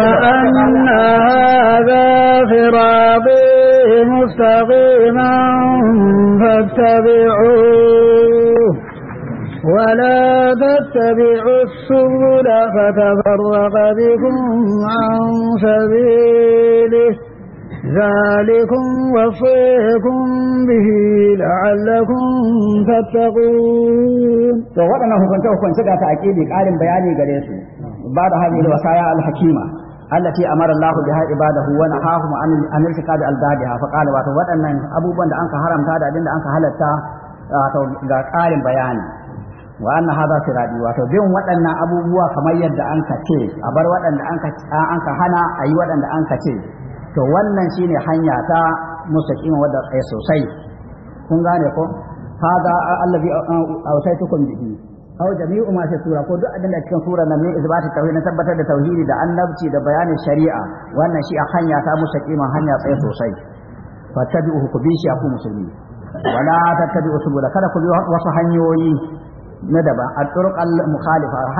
وأن هذا فراقي مستقيما فاتبعوه ولا تتبعوا السبل فتفرق بكم عن سبيله ذلكم وصيكم به لعلكم تتقون to waɗannan hukunce hukunce ga ta'aqidi ƙarin bayani gare su ba da hadin wasaya al allati amara Allah biha ibadahu wa nahahum an an irtikab al-badiha fa qala waɗannan abubuwan da anka haramta da abin da ga ƙarin bayani wa anna hadha sirati wato bin waɗannan abubuwa kamar yadda ka ce a bar waɗanda an ka hana ayi an ka ce to wannan shine hanya ta mustaqima wadda tsaye sosai kun gane ko hada allazi uh, uh, ausaitukum bihi aw jami'u ma fi sura ko duk abin da cikin sura nan ne isbatu tauhid na tabbatar da tauhidi da annabci da bayanin shari'a wannan shi a hanya ta mustaqima hanya tsaye sosai fattabi'uhu ku bi shi musulmi wala tattabi'u subula kada ku bi wasu hanyoyi na daban a turuq al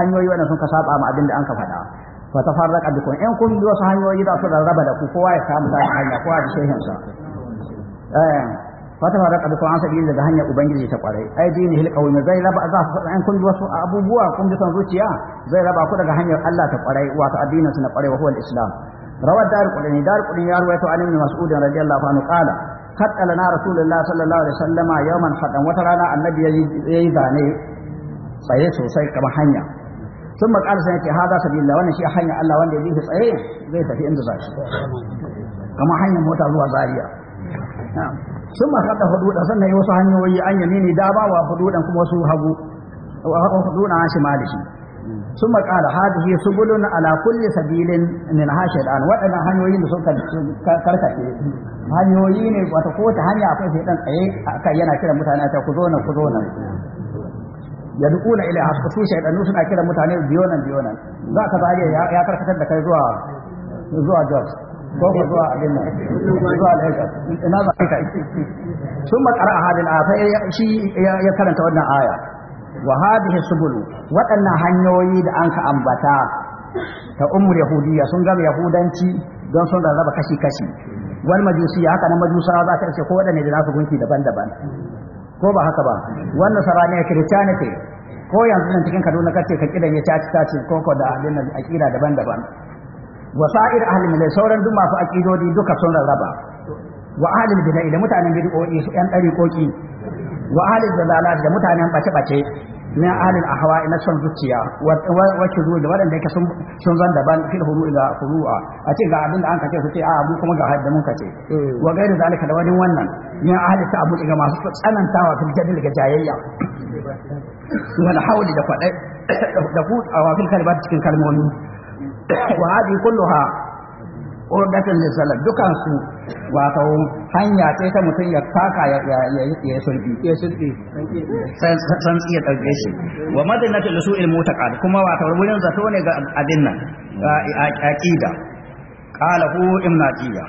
hanyoyi wannan sun ka saba ma abin da an ka faɗa fa tafarraqa bikum in kun bi wasu hanyoyi da su rarraba da ku kowa ya samu ta hanya ko da shehin fatafa da kadu an sabi daga hanyar ubangiji ta kwarai ai dini hil qawmi zai raba za ku an kun wasu abubuwa kun bi san zuciya zai raba ku daga hanyar Allah ta kwarai wato addinin su na kwarai wa huwa islam rawad dar qulani dar qulani ya rawaito an ibn mas'ud radiyallahu anhu qala na rasulullahi sallallahu alaihi wasallama yawman hadan wata rana annabi yayi zane tsaye sosai kama hanya ثم قال سنة هذا سبيل الله وانا شيء حين الله وانا يديه صحيح زي تفي انت زاشي كما حين موتى الله زاريا نعم sun masu da hududan sannan yi wasu hanyoyi an yami ne da ba wa hududan kuma wasu hagu wa hududan an shi malishi sun makala hadihi subulun ala kulli sabilin min hashidan waɗannan hanyoyin sun karkace hanyoyi ne wata kowace hanya akwai sai dan tsaye akai yana kiran mutane ta ku zo nan ku zo nan yad'una suna kiran mutane biyo nan biyo nan za ya karkatar da kai zuwa Jos. ko ku zuwa abin nan zuwa ina ba kai kai sun ma a hadin afa shi ya karanta wannan aya wa hadhihi subulu waɗannan hanyoyi da an ka ambata ta ummul yahudiyya sun gama yahudanci don sun rarraba kashi kashi wani majusi haka na majusawa za ka ce ko waɗanne da nasu gunki daban-daban ko ba haka ba wannan sarani a christianity ko yanzu nan cikin kaduna kace ka kidan ya caci taci ko ko da abin nan daban-daban wa sa'ir ahli milal sauran duk masu aqidodi duka sun rarraba wa ahli bid'a da mutanen bid'o'i su yan koki wa ahli dalalat da mutanen bace bace min ahli ahwa ina son zuciya wa shuru da wadanda yake sun sun zan ban fil huru ila furu'a a ce ga abin da an kace su ce a mu kuma ga hadda mun kace mm. wa gairu zalika da wani wannan min ahli ta'abu ga masu tsanantawa fil jadil ga jayayya wal hawli da fadai da ku a wafin kalmar cikin kalmomi wa hadi kulluha urdatan lisala dukan su wato hanya ce ta mutum ya taka ya ya ya sulbi ya sulbi san san iya dauke shi wa madinatul su'il mutaqad kuma wato wurin zato ne ga abin nan aqida qala hu ibn atiya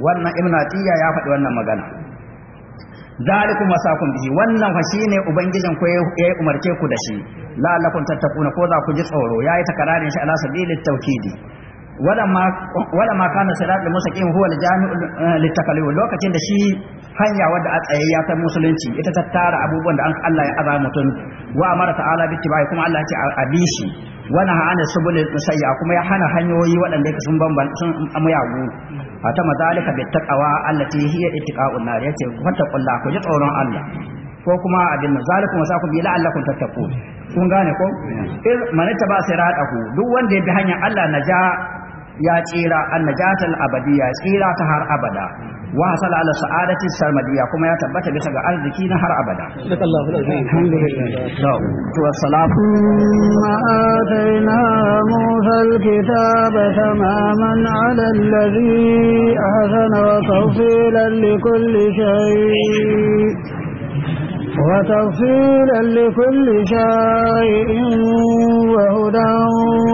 wannan ibn ya faɗi wannan magana zalikum wasakum bihi wannan fa shine ubangijin ku ya umarce ku da shi la'allakum tattaquna ko za ku ji tsoro yayi takararin shi ala sabilit tawkidi wala ma wala ma kana siratul mustaqim huwa al-jami'u eh, lokacin da shi hanya wadda a tsaye ta musulunci ita ta tara abubuwan da Allah ya azama mutum wa amara ta'ala bi kuma Allah ya ce a bi shi wani hana subul musayya kuma ya hana hanyoyi waɗanda yake sun bamban sun amuyagu ta mazalika bi taqwa allati hiya ittiqa'un ya ce wata ƙulla ku ji tsoron Allah ko kuma abin nan zalikum ku bi la'allakum tattaqun kun gane ko manita ba sai raɗa ku duk wanda ya bi hanyar Allah naja ya tsira abadi abadiyya tsira ta har abada wa hasala ala sa'adati sarmadiyya kuma ya tabbata bisa ga arziki na har abada to salafu ma ataina musa alkitaba tamaman ala alladhi ahsana wa tawfilan li kulli وتفصيلا لكل شيء وهدى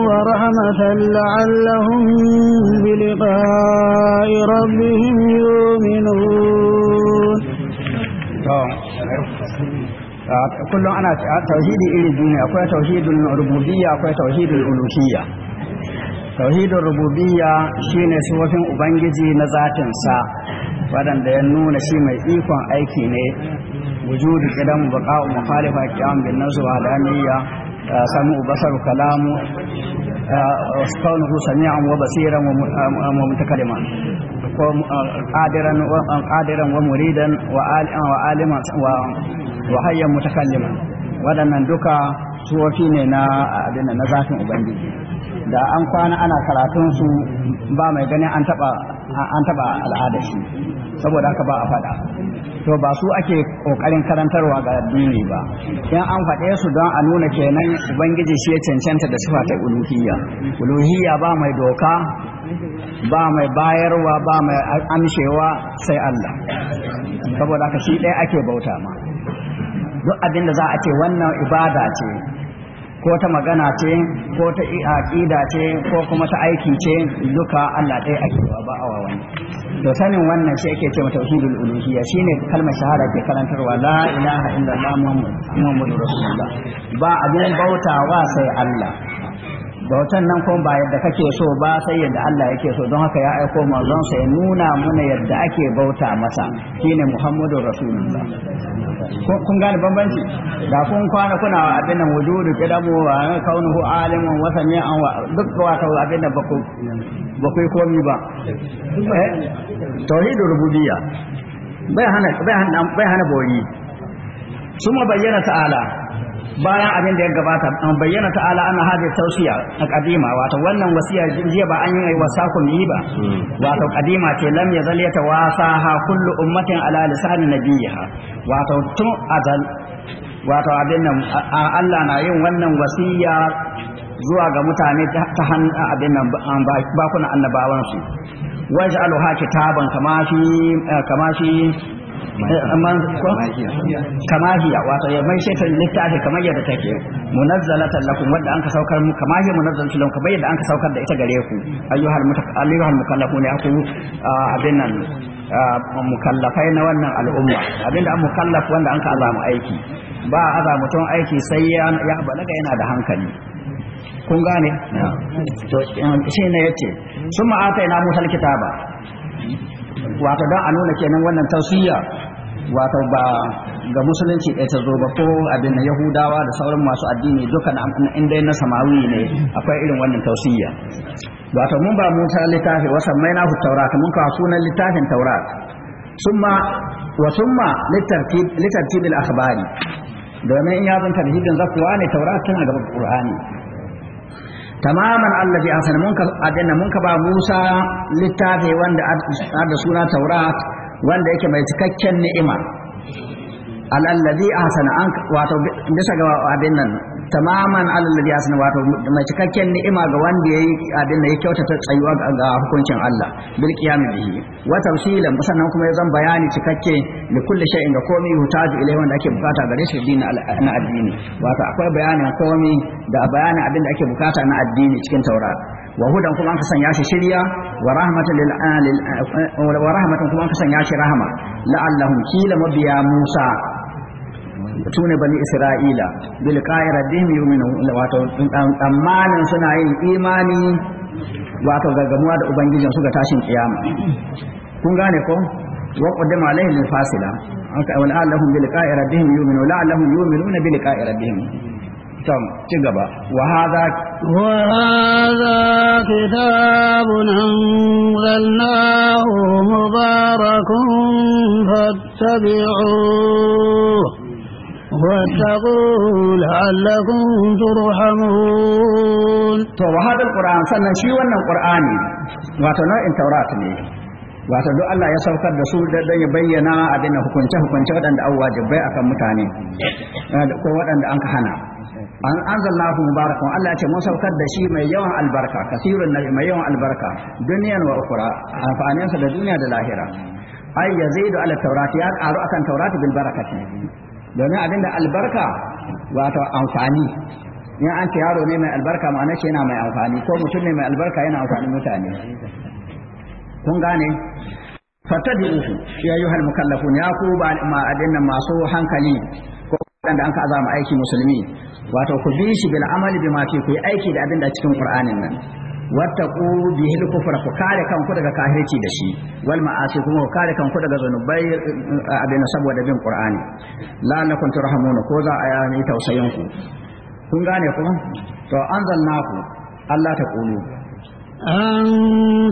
ورحمة لعلهم بلقاء ربهم يؤمنون kullum ana tauhidi iri biyu akwai tauhidin rububiyya akwai tauhidin uluhiyya tauhidin rububiyya shine sifofin ubangiji na zatinsa waɗanda ya nuna shi mai ikon aiki ne وجود قدم بقاء مخالفة قيام بالنفس وعلانية سمع بصر كلام كونه سميعا وبصيرا ومتكلما قادرا قادرا ومريدا وعالما وحيا متكلما waɗannan duka suwofi ne na abin na zafin ubangiji da an kwana ana su. ba mai ganin an taɓa al'adar shi saboda haka ba a faɗa to ba su ake kokarin karantarwa ga addini ba in an faɗe su don a nuna kenan ubangiji shi ya cancanta da sifa ta uluhiyya uluhiyya ba mai doka ba mai bayarwa ba mai amshewa sai Allah saboda haka shi ɗaya ake bauta ma duk abinda za a ce wannan ibada ce ko ta magana ce ko ta aƙida ce ko kuma ta aiki ce duka Allah ɗaya ake cewa ba a wani to sanin wannan shi yake ce tauhidul uluhiyya shine kalmar shahara ke karantarwa la ilaha illallah muhammadu rasulullah ba abin wa sai Allah bautan nan kuma ba yadda kake so ba sai yadda Allah yake so don haka ya aiko manzon sa ya nuna mana yadda ake bauta masa shine Muhammadu Rasulullah kun gane bambanci da kun kwana kuna abin nan wujudu kidamu wa kaunuhu alimun wa sami'an wa duk wato abin da ba ku ba komi ba eh tauhidur rububiyya bai hana bai hana bai hana bori suma bayyana ta'ala bayan abin da ya gabata an bayyana ta'ala ana hada tausiya a kadima wato wannan wasiya jiya ba an yi wasakun yi ba hmm. wato kadima ce lam ya zal wasa ha kullu ummatin ala lisan nabiyiha wato tun azal wato abin nan Allah na yin wannan wasiya zuwa ga mutane ta hannun abin nan bakuna annabawansu waj'aluha kitaban kama shi kama shi kama hiya wato ya mai shi littafi kamar yadda take munazzalatan lakum wanda an ka saukar mu kama hiya munazzalatan lakum kamar yadda an ka saukar da ita gare ku ayyuhal ayyuhal mukallafun ya ku abin nan mukallafai na wannan al'umma abinda an mukallaf wanda an ka azamu aiki ba aza mutum aiki sai ya balaga yana da hankali kun gane to um, shi ne yace sun ma'ata ina mutal kitaba wato don a nuna kenan wannan tausiya wato ba ga musulunci ɗaya ta zo ba ko abin na yahudawa da sauran masu addini duka na inda na samawi ne akwai irin wannan tausiyya. wato mun ba musa littafi wasan mai na taurat mun kawo sunan littafin taurat summa wa summa litartib al akhbari domin in ya zan tarhibin zakuwa ne taurat tana gaban qur'ani tamaman allazi asana mun ka adana mun ka ba musa littafi wanda da suna taurat wanda yake mai cikakken ni'ima alallazi ahsana an wato bisa ga abin nan tamaman alallazi ahsana wato mai cikakken ni'ima ga wanda yayi abin nan ya kyautata tsayuwa ga hukuncin Allah bil qiyam bihi wa tafsilan sannan kuma ya zan bayani cikakke da kullu shay'in ga komai hutaju ilai wanda ake bukata gare shi dini na addini wato akwai bayanin komai da bayanin abin da ake bukata na addini cikin taurari wa hudan kuma an ka sanya shi shirya wa rahmatan kuma an ka sanya Musa tune bani Isra'ila bil qa'ira bihim yu'minu wato tsammanin suna yin imani wato gaggamuwa da ubangijin su ga tashin kiyama kun gane ko wa qaddama alaihim fasila aka wal alahum bil qa'ira bihim yu'minu la'allahum yu'minuna bil qa'ira bihim tam ci gaba wa hadha wa hadha kitabun anzalnahu mubarakun fattabi'uhu واتقوا لعلكم ترحمون to wa hadal qur'an sannan shi wannan qur'ani wato in taurat ne wato duk Allah ya saukar da su dan ya bayyana abin hukunce hukunce waɗanda an wajibai akan mutane eh, ko waɗanda an ka hana an anzalnahu mubarakun Allah ya ce mun saukar da shi mai yawan albarka kasirun mai yawan albarka duniyan wa ukhra amfanin da duniya da lahira ay yazidu ala tawrati ya qaru akan tawrati bil barakati domin abinda albarka wato amfani in an ce yaro ne mai albarka ma'ana ce yana mai amfani ko mutum ne mai albarka yana amfani mutane kun gane fatabi'uhu ya ayyuhal mukallafun ya ku ba ma adinna masu hankali waɗanda an ka azama aiki musulmi wato ku bi shi bil amali bi ma fi ku yi aiki da abin da cikin qur'anin nan wattaqu bihi al kufra ku kare kanku daga kafirci da shi wal ma'asi kuma ku kare kanku daga zanubai eh, abin saboda bin qur'ani la annakum turhamuna ko za a yi tausayin ku kun gane kuma to anzalnaku Allah ta kulu أن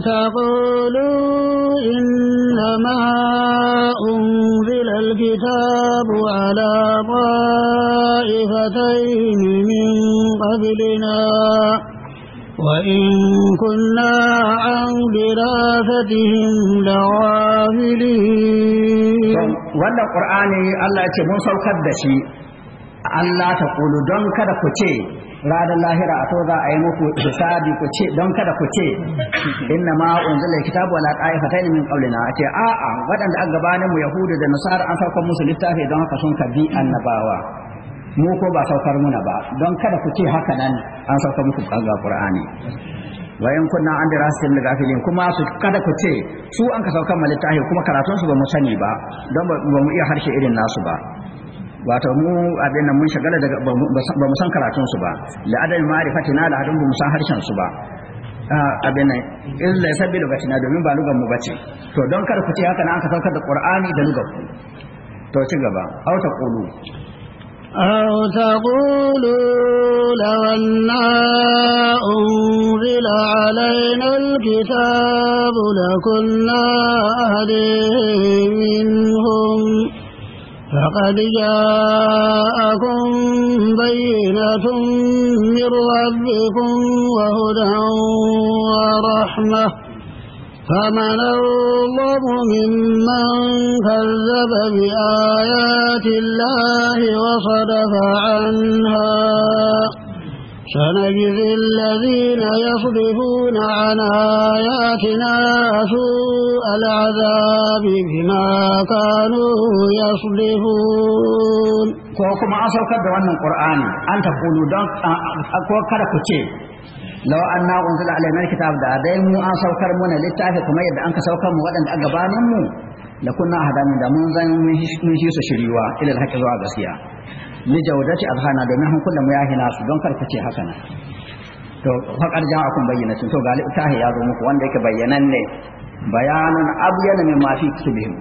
تقولوا إنما أنزل الكتاب على طائفتين من قبلنا وإن كنا عن دراستهم لغافلين wannan ƙur'ani Allah ya ce mun saukar da shi Allah ta ƙulu don kada ku ce ranar lahira a to za a yi muku hisabi ku ce don kada ku ce inna ma unzila kitabu qaifa qa'ifatayn min qablina a ce a a waɗanda an gabanin mu Yahudu da nasara an saukar musu littafi don haka sun kabi annabawa mu ko ba saukar muna ba don kada ku ce haka nan an saukar muku kaga qur'ani wa in kunna an dirasin da gafilin kuma su kada ku ce su an ka saukar littafi kuma karatun su ba mu sani ba don ba mu iya harshe irin nasu ba wato mu abin nan mun shagala daga ba mu san karatun su ba la'adal ma'rifatina la'adun ba mu san harshen su ba ah, abin nan in la sabbi na domin ba lugan mu bace to don kar ku ce haka na an ka saukar da qur'ani da lugan ku to ci gaba Auta ta qulu أو تقولوا لو أنا أنزل علينا الكتاب لكنا أهدي منهم فقد جاءكم بينة من ربكم وهدى ورحمة فمن الله ممن كذب بآيات الله وصدف عنها سنجزي الذين يصدفون عن آياتنا سوء العذاب بما كانوا يصدفون كوكما أصل كبير عن القرآن أنت قولوا دانك أكوكرا آه، لو أننا أنزل علينا الكتاب دا ديمو أصل كرمونا لتعفى كما يبدأ أنك سوكا مغدا أقبانا مو لكنا أهدا من دمون زين من هيسو شريوا إلى الحكي زوا li jawdati azhana domin mun mu ya hina su don karkace haka nan to faƙar bayyana bayyinatun to galibi littafi ya zo muku wanda yake bayyanan ne bayanun abyana min ma fi kutubihim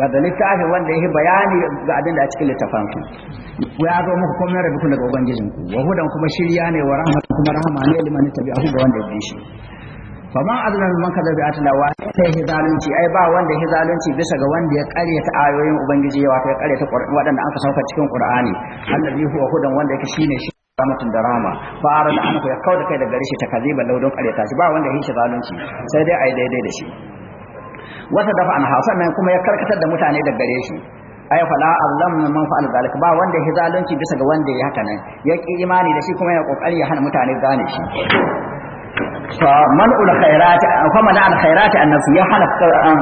wanda littafi wanda yake bayani ga abin da a cikin littafin su ya zo muku kuma rabu daga ubangijinku wa hudan kuma shirya ne wa rahmatu kuma rahama ne liman tabi'ahu da wanda ya bi shi faman azlan man kaza bi atla wa sai hizalunci ai ba wanda hizalunci bisa ga wanda ya ta ayoyin ubangiji ya wato ya qur'ani wadanda an ka sauka cikin qur'ani allazi huwa hudan wanda yake shine shi ramatun da fa arada da anku ya kauda kai daga rishi takaziban laudon karyata shi ba wanda yake zalunci sai dai ai daidai da shi wata dafa an hasan nan kuma ya karkatar da mutane daga gare shi fa la allam man fa'al zalik ba wanda hizalunci bisa ga wanda ya haka nan ya ki imani da shi kuma ya kokari ya hana mutane gane shi فمنع الخيرات فمنع الخيرات النفس يا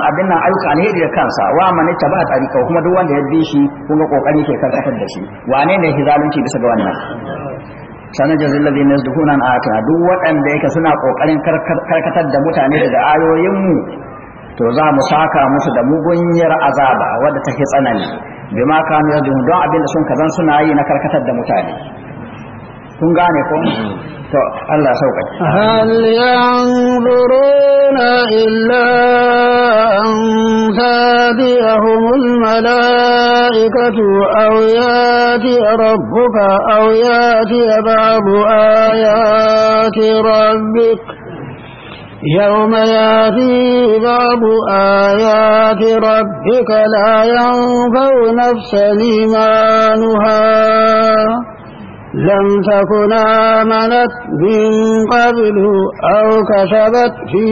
abin nan ayyuka na da kansa wa man taba tarika kuma duk wanda ya bi shi kun kokari ke karkatar da shi wane ne zalunci bisa ga wannan sanan jazil ladina yasdukuna an duk waɗanda yake suna kokarin karkatar da mutane daga ayoyin mu to za mu saka musu da mugunyar azaba wadda ta tsanani bima kanu yadun don abin da sun kaza suna yi na karkatar da mutane kun gane ko to Allah sauka hal yanzuruna illa an tadiyahumul malaikatu aw yati rabbuka aw yati babu ayati rabbika يوم ياتي بعض آيات ربك لا ينفع نفسا إيمانها لم تكن آمنت من قبل أو كسبت في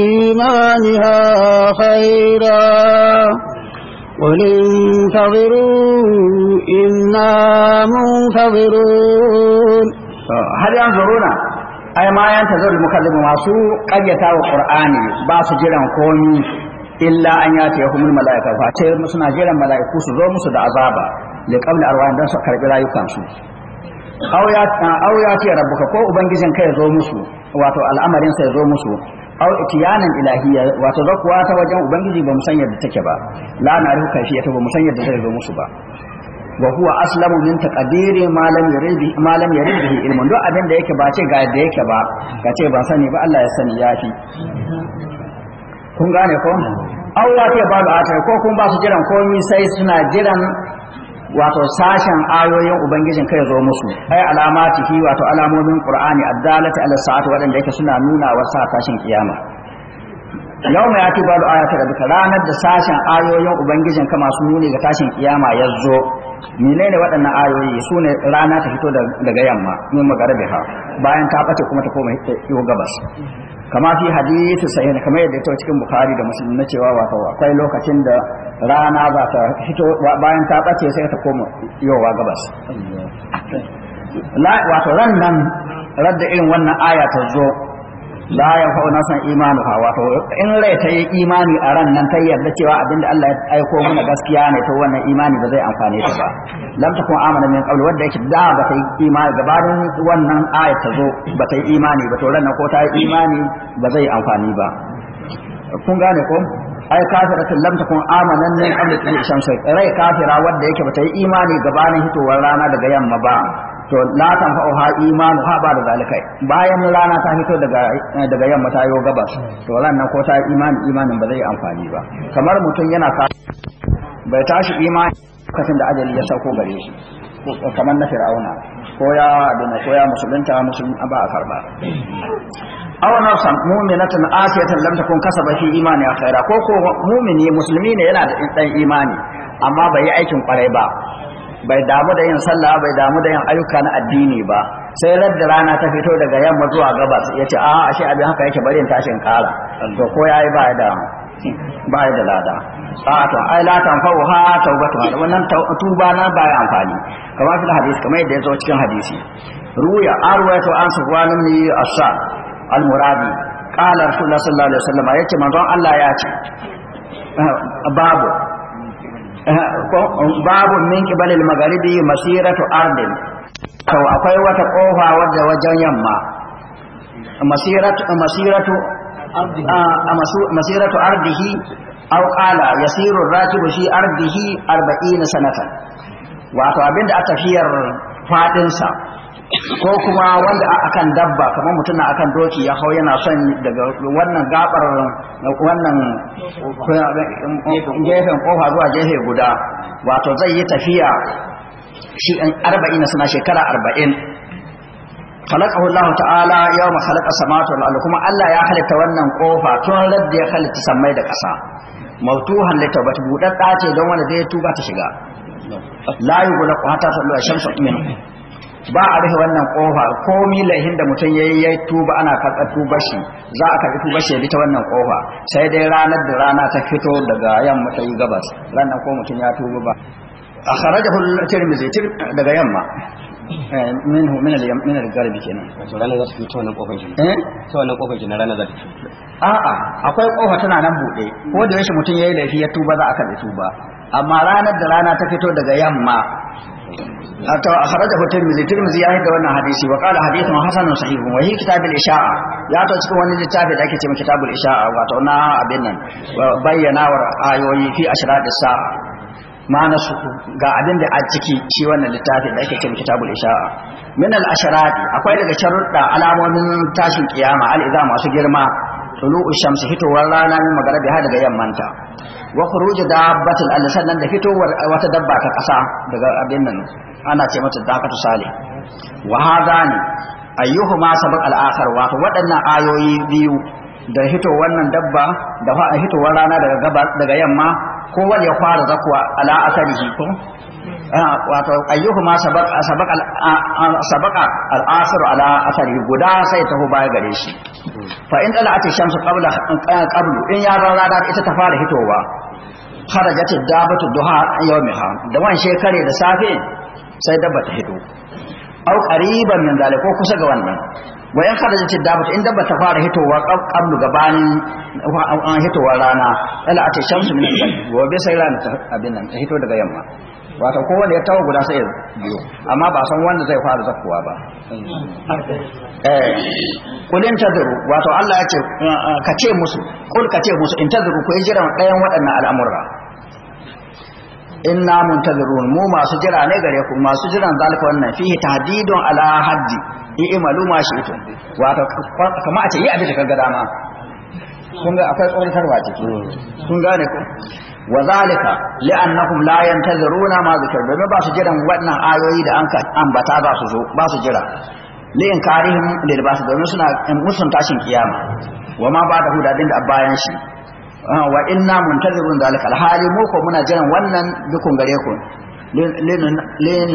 إيمانها خيرا قل انتظروا إنا منتظرون هل ينظرون أي ما ينتظر المكلم masu ƙaryata wa ƙur'ani ba su jiran komi illa an yata ya humul mala'ika fa suna jiran mala'iku su zo musu da azaba da qabla arwahin don su karɓi rayukansu au ya ce rabbuka ko ubangijin kai ya zo musu wato al'amarin sa ya zo musu au itiyanan ilahiyya wato zakuwa ta wajen ubangiji ba musan san yadda take ba la na ruhu ta ba musan san yadda zai zo musu ba wa huwa aslamu min taqdiri Malam lam yuridi ma yuridi ilmun duk abin da yake ba ce ga yadda yake ba ka ce ba sani ba Allah ya sani ya fi kun gane ko Allah ya ba da ko kun ba su jiran komai sai suna jiran wato sashen ayoyin ubangijin kai zo musu ai alamatihi wato alamomin qur'ani addalati ala sa'ati wadanda yake suna nuna wa sa tashin kiyama yau mai ati balu ayata da ranar da sashen ayoyin ubangijin ka masu nuni ga tashin kiyama ya zo menene waɗannan ayoyi su ne rana ta fito daga yamma magarabe magarabiha bayan ta bace kuma ta koma gabas kama fi hadithu sahih kamar yadda ita cikin bukhari da muslim na cewa wato akwai lokacin da rana za ta fito bayan ta bace sai ta koma yowa gabas wato ran nan radda irin wannan aya ta zo la ya fa'u san imanu ha wato in rai ta yi imani a ran nan ta yarda cewa abinda Allah ya aiko mana gaskiya ne to wannan imani ba zai amfane ta ba lam kun amana min qabl wanda yake da ba ta yi imani gabanin wannan aya ta zo ba ta yi imani ba to ran ko ta yi imani ba zai amfani ba kun gane ko ai ta lam kun Amana min qabl tulu shamsi rai kafira wanda yake ba ta yi imani gabanin hitowar rana daga yamma ba to la ha imanu ha ba da zalikai bayan rana ta fito daga daga yamma ta yo gabas to nan ko ta imani imanin ba zai amfani ba kamar mutum yana bai tashi imani kafin da ajali ya sauko gare shi kamar na fir'auna ko ya da ko ya musulunta musulun ba a karba aw san mu'minatan asiyatan lam takun kasaba fi imani akhira ko ko mu'mini musulmi ne yana da dan imani amma bai yi aikin kwarai ba bai damu da yin sallah bai damu da yin ayyuka na addini ba sai radda rana ta fito daga yamma zuwa gabas ya ce a ashe abin haka yake bari in tashin kara to ko yayi ba da ba da lada sa'atun ai la tanfa'u ha tawbatu ha wannan tuba na ba ya amfani kamar fil hadisi kamar yadda ya zo cikin hadisi ruya arwayatu an sufwan ni asha al-muradi qala rasulullah sallallahu alaihi wasallam yace manzon Allah ya ce babu babu min kibalil magharibi masiratu ardin to akwai wata kofa wadda wajen yamma masiratu masiratu masiratu ardihi aw qala yasiru ar-rakibu fi ardihi 40 sanatan wato abinda a tafiyar fadin sa ko kuma wanda akan dabba kamar mutum akan doki ya hau yana son daga wannan gabar wannan gefen kofa zuwa gefe guda wato zai yi tafiya shi in arba'in suna shekara arba'in khalaqahu Allah ta'ala yawma khalaqa samawati wal kuma Allah ya halitta wannan kofa tun radda ya halitta samai da ƙasa mautuhan li ta budadda ce don wanda zai tuba ta shiga la yughlaqu hatta tulu ash-shamsu minhu ba a rufe wannan kofar komi laihin da mutum ya yi ya tuba ana karɓa tuba shi za a karɓi tuba shi ya bi ta wannan kofa sai dai ranar da rana ta fito daga yamma ta yi gabas ranar ko mutum ya tuba ba a kharajahu tirmizi daga yamma eh, minhu min al-yam min al-garbi kenan ranar za ta fito wannan kofar kenan eh ta wannan kofar kenan ranar za ta fito a'a akwai kofa tana nan bude ko da yashi mutum yayi laifi ya tuba za a karɓi tuba amma ranar da rana ta fito daga yamma ta da hotel tirmizi tirmizi ya hada wannan hadisi wa qala hadithun hasanun sahihun wa hi kitabul isha'a ya ta cikin wani littafi da ake mai kitabul isha'a wato na abin nan bayyanawar ayoyi fi da sa'a ma'ana su ga abin da a ciki shi wannan littafi da ake mai kitabul isha'a min al da akwai daga sharuɗa alamomin tashin kiyama al idza masu girma tulu'u shamsi hitowar rana min magarabi har daga yammanta wa khuruj dabbatil al sannan da fitowar wata dabba ta kasa daga abin nan ana ce mata dakatu sale wa hadani ayyuhuma sabaq al akhar wa waɗannan ayoyi biyu da hito wannan dabba da fa hito rana daga gaba daga yamma kowane ya fara zakuwa ala asarihi ah, wato ayyuhu ma sabaka sabaka al'asir ala guda sai ta hu baya gare shi fa in dala ati shamsu qabla eh, in ya ran da ita ta fara hitowa kharajat dabatu duha yawmiha da wan shekare da safe sai dabba ta hito au qariban min zalika ko kusa ga wannan Wa wayan kada ad dabba in dabba ta fara hitowa qablu gabanin an hitowa rana ala ati shamsu min gobe sai sayran ta abin nan ta hito daga yamma wato wanda ya tawo guda sai biyo amma ba san wanda zai fara zakkuwa ba eh ta intazuru wato Allah ya ce ka ce musu kul ka ce musu intazuru ko jira ɗayan wadannan al'amura inna muntazirun mu masu jira ne gare ku masu jiran zalika wannan fihi tahdidun ala haddi yi maluma shi ito wato kama a ce yi abin da kan gada ma kun ga akwai karwa ciki kun gane ku wa zalika li'annahum la yantazuruna ma zikr domin ba su jiran wannan ayoyi da an ambata ba su zo ba su jira li inkarihim ba su domin suna musun tashin kiyama wa ma ba da huda din da bayan shi ah, wa inna muntazirun zalika alhali mu ko muna jiran wannan dukun gare ku lin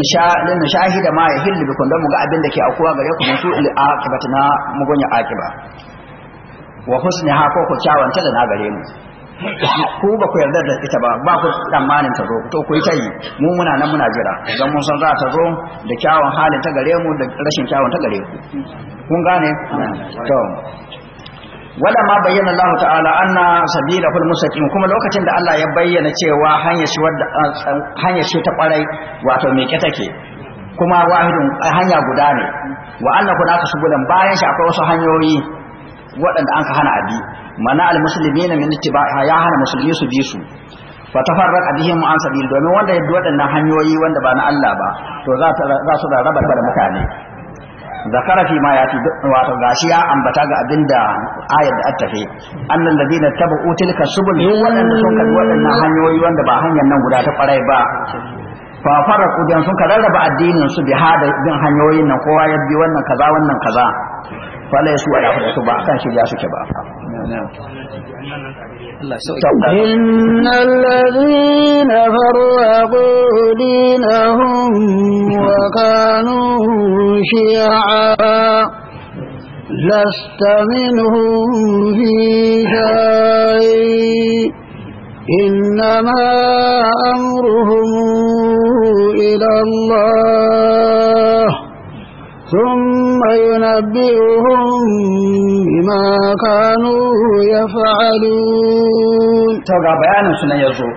shahida ma ya hillu bikun don muga abin da ke akuwa gare ku musu il aqibata na mugunya akiba wa husni ha ko ku kyawanta da na gare mu ku ba ku yarda da ita ba ba ku tsammanin ta zo to ku yi ta yi mu muna nan muna jira idan mun san za ta zo da kyawun halin ta gare mu da rashin kyawun ta gare ku kun gane to ma bayyana Allah ta'ala anna sabila fil mustaqim kuma lokacin da Allah ya bayyana cewa hanyar shi wadda hanyar shi ta kwarai wato me ke take kuma wahidun hanya guda ne wa anna kuna subulan bayan shi akwai wasu hanyoyi waɗanda an ka hana abi mana al muslimina min ya hana musulmi su bi su fa tafarraq bihim an sabil domin wanda ya bi waɗannan hanyoyi wanda ba na Allah ba to za su raba da mutane zakara fi ma ya fi wato gashi ya ambata ga abinda ayar da attafe annal ladina tabu tilka subul wadanda sun kalli wadannan hanyoyi wanda ba hanyar nan guda ta kwarai ba fa faraku dan sun rarraba addinin su bi hada bin hanyoyin nan kowa ya bi wannan kaza wannan kaza fa laysu ala hudu ba kan shirya suke ba إن الذين فرقوا دينهم وكانوا شيعا لست منهم في شيء إنما أمرهم إلى الله ثم ينبئهم kanu ya fa’alu. Ta ga bayanin sunan nan yazo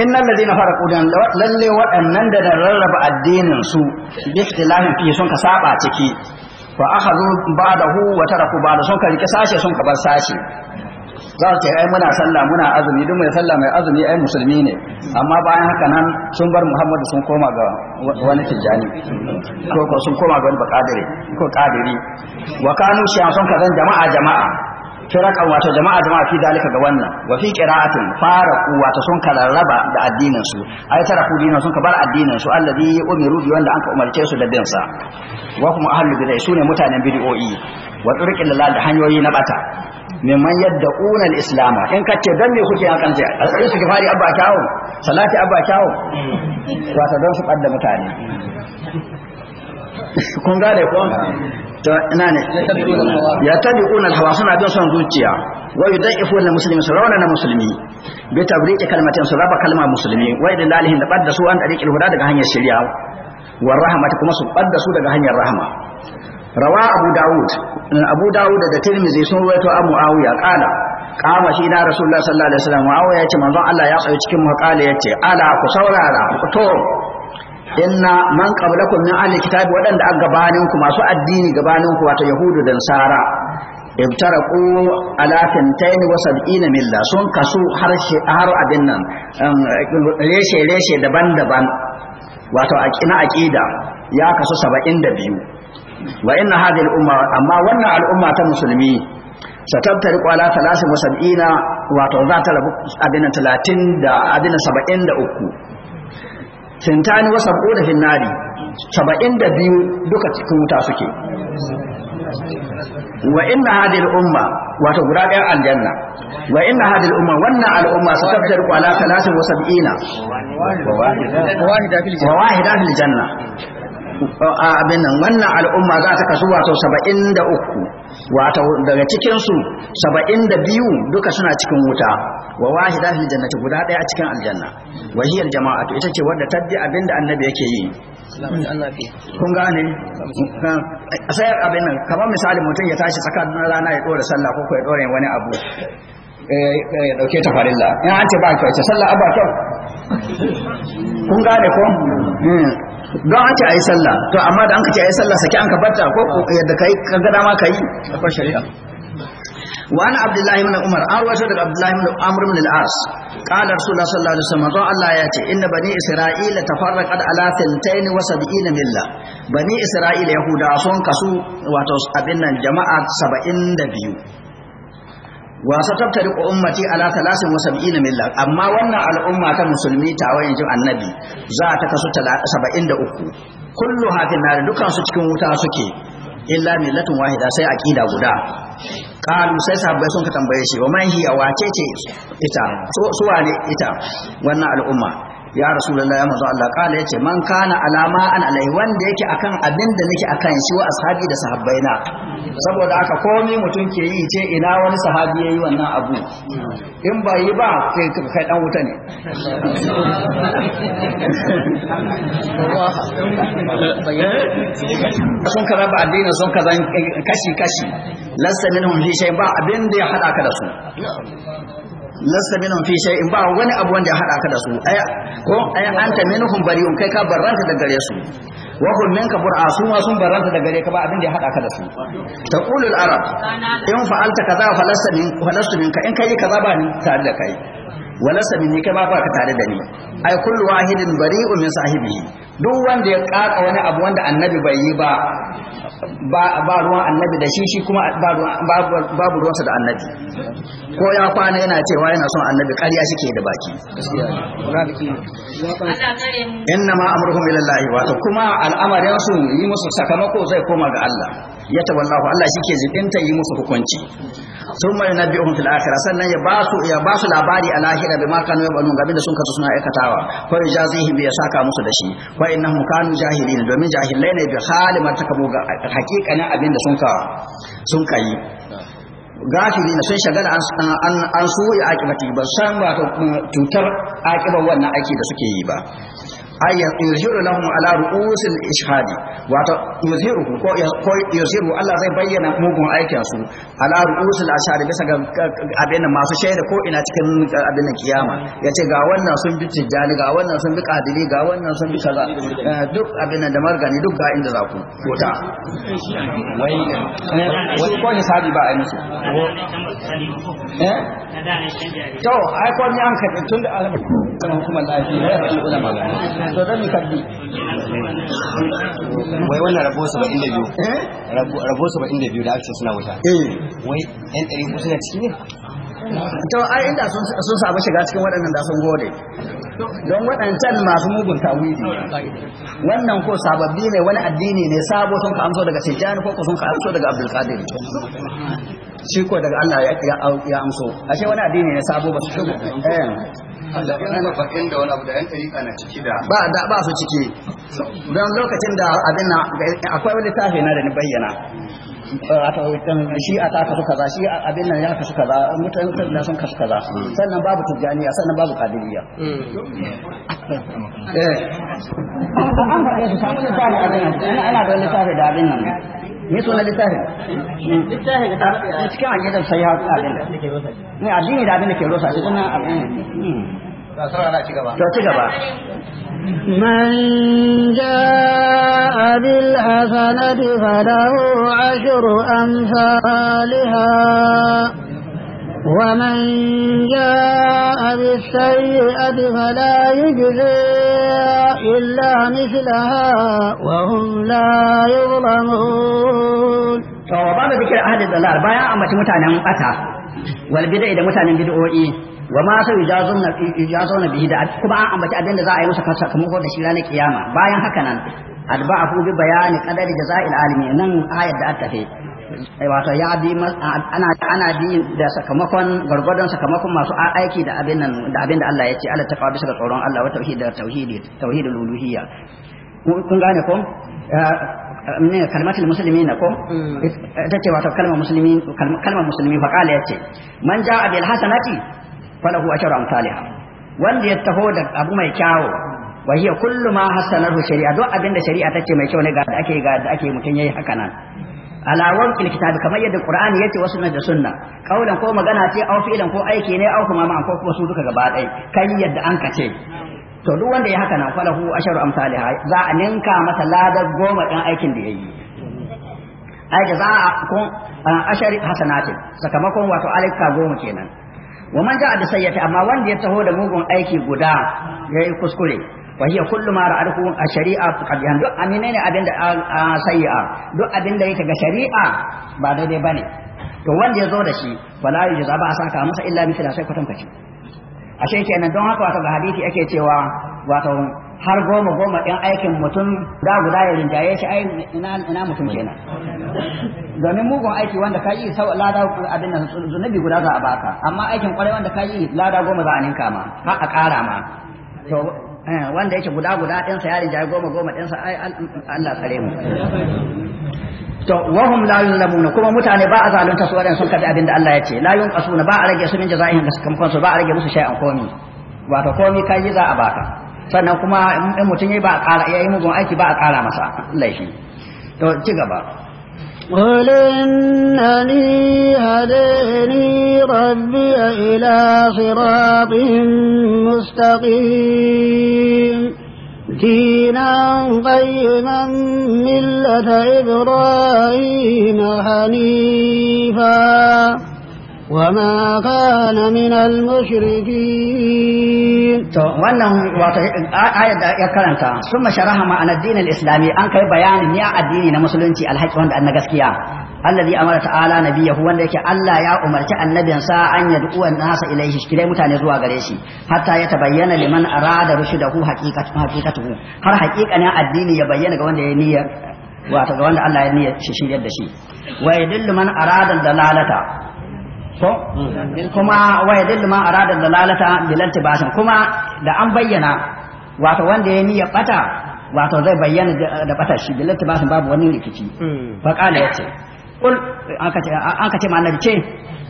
innal ladina fara dan lalle waɗannan da rarraba addinin su bi ikhtilafin fi sun ka saba ciki ba da hu wata wa ba da sun ka rike sashe sun ka bar sashe za su ce ai muna sallah muna azumi duk mai sallah mai azumi ai musulmi ne amma bayan haka nan sun bar muhammadu sun koma ga wani tijjani ko ko sun koma ga wani bakadiri ko kadiri wa kanu shi'an kazan jama'a jama'a firaqan wato jama'a jama'a fi dalika ga wannan wa fi qira'atin faraqu wato sun kalarraba da addinin su ai taraku dinin sun ka bar addinin su alladhi umiru bi wanda anka umarce su da bin sa wa kuma ahlul bid'ah sune mutanen bid'o'i wa turqil lillah da hanyoyi na bata mimman yadda unal islama in kace ce don me kuke hakan ce a tsaye suke fari abba kyawu salati abba kyawu wata don su ɓadda mutane kun gane ko to ina ne ya tabi unal hawa suna bin son zuciya wa yudaifu musulmi muslimi rauna na muslimi bi tabriki kalmatin suraba kalma muslimi wa lalihin da badda su an tariqil huda daga hanyar shari'a wa rahmat kuma su badda su daga hanyar rahama rawa abu dawud abu dawud da tirmizi sun ruwaito a muawiya kala kama shi na rasulullah sallallahu alaihi wasallam muawiya yace manzon Allah ya tsaye cikin makala yace ala ku saurara to inna man qablakum min ahli kitabi wadanda an gabanin ku masu addini gabanin ku wato yahudu da nasara ibtaraqu ala tantaini wa sab'ina milla sun kasu har har abin nan um, reshe reshe daban-daban wato aqina aqida ya kasu 72 wa inna hadhihi al-umma amma wannan al'umma ta musulmi satabtari qala 73 wato za ta rabu abin 30 da abin 73 sintani wa sab'una fi 72 duka cikin wuta suke wa inna hadhihi al-umma wato guda ɗayan aljanna wa inna hadhihi al-umma wannan al-umma satabtar qala 73 wa wahida fil janna abin nan wannan al'umma za ta kasu wato 73 wato daga cikin su 72 duka suna cikin wuta wa wahida fil jannati guda daya cikin aljanna wa jama'a jama'atu ita ce wadda abin abinda annabi yake yi kun gane A sai abin nan kamar misali mutum ya tashi tsakanin rana ya dora sallah ko ya dora wani abu eh, ya dauke ta farilla in an ce ba kyau ce sallah ba kyau kun gane ko hmm. don an ce a yi sallah to amma da an ka ce a yi sallah saki an ka barta ko yadda ka yi kaga dama ka yi akwai shari'a wa ana abdullahi min umar an rawaito daga abdullahi min amr min al-as qala rasulullah sallallahu alaihi wasallam don Allah ya ce inna bani isra'ila tafarraqat ala 72 milla bani isra'ila yahuda sun kasu wato abin nan jama'a 72 wa satabtari ummati ala 73 milla amma wannan al'umma ta musulmi ta wayan jin annabi za ta kasu 73 kullu hafin nar dukan su cikin wuta suke illa millatun wahida sai aqida guda qalu sai sahabbai sun ka tambaye shi wa man hiya wace ce ita Su wane ita wannan al'umma ya rasulullah ya manzo Allah kala yace man kana alama an alai wanda yake akan abin da nake akan shi wa ashabi da sahabbaina saboda aka komi mutum ke yi ce ina wani sahabi ya yi wannan abu in ba yi ba kai kai dan wuta ne sun kaza ba addini sun kaza kashi kashi lasa minhum fi shay ba abin da ya hada ka da su lasta minhum fi shay'in ba wani abu wanda ya hada ka da su aya ko aya anta minhum bari'un kai ka barranta da gare su wa hum minka bur'a su ma sun barranta da gare ka ba abin da ya hada ka da su taqulu arab in fa'alta kaza fa lasta min fa lasta minka in kai kaza ba ni tare da kai wa nasabi ni kai ba ka tare da ni ai kullu wahidin bari'un min sahibi duk wanda ya kaka wani abu wanda annabi bai yi ba ba ruwan annabi da shi shi kuma babu ruwansa da annabi ko ya kwana yana cewa yana son annabi ƙarya shi ke da baki inna ma amurhum ilallahi wato kuma al'amarin su yi musu sakamako zai koma ga Allah ya tawallahu Allah shike jibinta yi musu hukunci thumma yunabbi'uhum fil akhirah sannan ya ba su ya ba su labari a lahira bima kanu yabalun gabin da sun kasu suna aikatawa fa yajazihim ya saka musu da shi wa innahum kanu jahilin domin jahilai ne bi halimar takabu ga hakikanin abin da sun ka sun kai gafili na sun shagala an su ya akibati ba san ba mm, cutar akibar wannan aiki da suke yi ba ay yuzhiru lahum ala ru'usil ishadi wato yuzhiru ko yuzhiru Allah zai bayyana mugun aikin su ala ru'usil ashadi bisa ga abin masu shaida ko ina cikin abin kiyama yace ga wannan sun bi tijjani ga wannan sun bi qadili ga wannan sun bi kaza eh, duk abin da margani duk ga inda za ku kota wai wai ko sabi ba a musu eh to ai ko ni an ka tun da alamu kuma lafiya ya ulama to dan karbi wai wannan rabo 72 eh? rabo 72 da aka suna wuta eh. wai yan ɗari ko suna ciki ne to ai inda sun sun samu shiga cikin waɗannan da sun gode don waɗancan masu mugun tawili wannan ko sababbi ne wani addini ne sabo sun ka amso daga Tijjani ko sun ka amso daga Abdul Qadir shi ko daga Allah ya amso ashe wani addini ne sabo ba su shigo eh. ba da ba su ciki don lokacin da abin na akwai wani tafi na da ni bayyana shi a ta kasu kaza shi abin nan ya kasu kaza mutane na sun kasu kaza sannan babu tijjaniya sannan babu kadiriya ana da wani littafi da abin nan me sunan littafin littafin da cikin sai ya abin ne addini da abin da ke rosa shi abin to ci gaba من جاء بالحسنة فله عشر أمثالها ومن جاء بالسيئة فلا يجزى إلا مثلها وهم لا يظلمون وبعد ذكر أهل الضلال بايا أما تمتعنا أتى والبدع إذا متعنا بدعوئي وما سوى يجازون به da kuma an ambaci abin da za a yi masa sakamako da shi ranar kiyama bayan haka nan adba'ahu bi bayani qadari jaza'il alimi nan ayat da aka tafi Eh, wato ya bi ana ana bi da sakamakon gargadon sakamakon masu aiki da abin nan da abin da Allah ya ce Allah ta kawo bisa tsoron Allah wa tauhid da tauhidi tauhidul uluhiyya kun gane ko ne eh, kalmatul muslimin ko mm. ita ce wato kalmar musulmi kalmar muslimin fa kala yace man jaa bil hasanati falahu ashru amsalha wanda ya taho da abu mai kyawo wa hiya kullu ma hasanatu shari'a duk abinda shari'a ce mai kyau ne ga da ake ga da ake mutun yayi haka nan alawar kitabi kamar yadda qur'ani yace wasu na da sunna kaulan ko magana ce au fi'lan ko aiki ne au kuma ma'an ko kuma su duka gaba ɗaya kai yadda an kace to duk wanda ya haka nan falahu asharu amsalih za a ninka masa ladar goma ɗin aikin da yayi ai da za a kun ashari hasanatin sakamakon wato alika goma kenan wa man ja'a da sayyati amma wanda ya taho da mugun aiki guda yayi kuskure fa kullu ma ra'atuhu a shari'a qabihan duk amine ne abin da sayi'a duk abin da yake ga shari'a ba daidai bane to wanda ya zo da shi fala yujza ba a saka masa illa bi sai kwatan kwaci ashe kenan don haka wato ga hadisi ake cewa wato har goma goma ɗin aikin mutum da guda ya rinjaye shi ai ina ina mutum kenan domin mugun aiki wanda ka yi sau lada abin nan zunubi guda za a baka amma aikin kwarai wanda ka yi lada goma za a ninka ma har a kara ma Eh, wanda yake guda guda ɗinsa ya rinjaye goma goma ɗinsa ai Allah tsare mu to wahum la yuzlamuna kuma mutane ba a zalunta su waɗanda sun kafi abin da Allah ya ce la yunqasuna ba a rage su min jaza'ihim da sakamakon su ba a rage musu shay'an komi wato komi kai za a baka sannan kuma in mutum yayi ba a ƙara yayi mugun aiki ba a ƙara masa laifi to ci gaba قل إنني هديني ربي إلى صراط مستقيم دينا قيما ملة إبراهيم حنيفاً وما كان من المشركين to wannan wato ayat da ya karanta summa sharaha ma an addinin islami an kai bayanin ne addini na musulunci alhaki wanda an na gaskiya alladhi amara ta'ala nabiyahu wanda yake Allah ya umarci annabinsa an yad'u an-nasa ilayhi shikire mutane zuwa gare shi hatta ya tabayyana liman arada rushdahu haqiqatu har haqiqanin addini ya bayyana ga wanda ya niyyar wato ga wanda Allah ya niyyar shi shiryar da shi wa yadullu man arada dalalata ko kuma wa yadillu man arada dalalata bil iltibasin kuma da an bayyana wato wanda ya niyya bata wato zai bayyana da bata shi bil iltibasin babu wani rikici hmm. fa qala yace kul an ka ce ma ce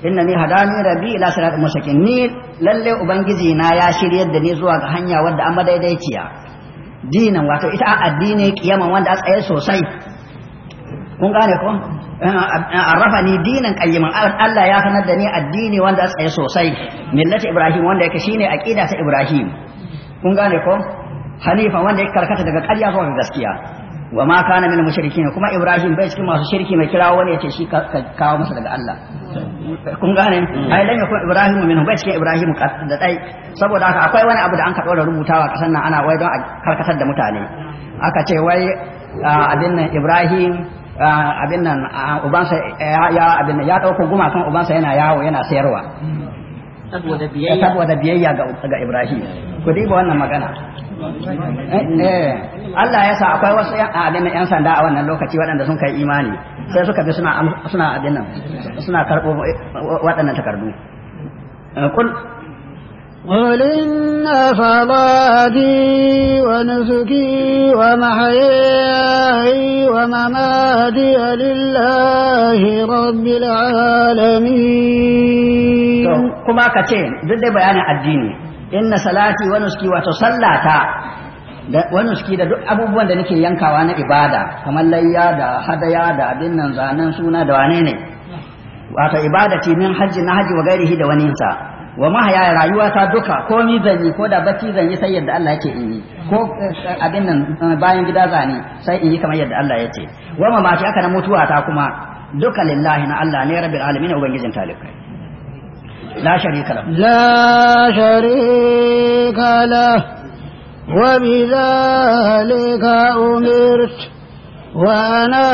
inna ni hadani rabbi ila siratin mustaqim ni lalle ubangiji na ya shiryar da ni zuwa ga hanya wadda an madaidaiciya dinan wato ita addini kiyama wanda a tsaye sosai kun gane ko ni dinan qayyiman Allah ya sanar da ni addini wanda tsaye sosai millati ibrahim wanda yake shine aqida ta ibrahim kun gane ko hanifa wanda yake karkata daga ƙarya zuwa ga gaskiya wa ma kana min mushrikin kuma ibrahim bai cikin masu shirki mai kirawo wani yace shi ka kawo masa daga Allah kun gane ai lam yakun ibrahim min bai cikin ibrahim da dai saboda haka akwai wani abu da an ka dora rubutawa kasan nan ana wai don a karkatar da mutane aka ce wai abin nan ibrahim abin nan ubansa ya abin ya dauko gumakan ubansa yana yawo yana sayarwa saboda biyayya saboda biyayya ga Ibrahim ku diba wannan magana eh, eh. Allah ya sa akwai wasu yan abin yan sanda a wannan lokaci waɗanda sun kai imani sai suka bi suna suna abin nan suna karɓo waɗannan takardu eh, قل إن صلاتي ونسكي ومحياي ومماتي لله رب العالمين كما كتين ضد بيان الدين إن صلاتي ونسكي وتصلاتا wani suke da duk abubuwan da nake yankawa na ibada kamar layya da hadaya da abin nan zanen suna da wane ne wato ibadati min hajji na hajji wa gairihi da waninsa wa mahaya rayuwa ta duka ko ni zan yi ko da bacci zan yi sai yadda Allah yake in yi ko eh, abin nan eh, bayan gida zane sai in yi kamar yadda Allah ya ce wa mace aka na mutuwa ta kuma duka lillahi na Allah ne rabbil alamin ubangijin talibai la sharika la. la sharika la wa bidhalika umirtu وانا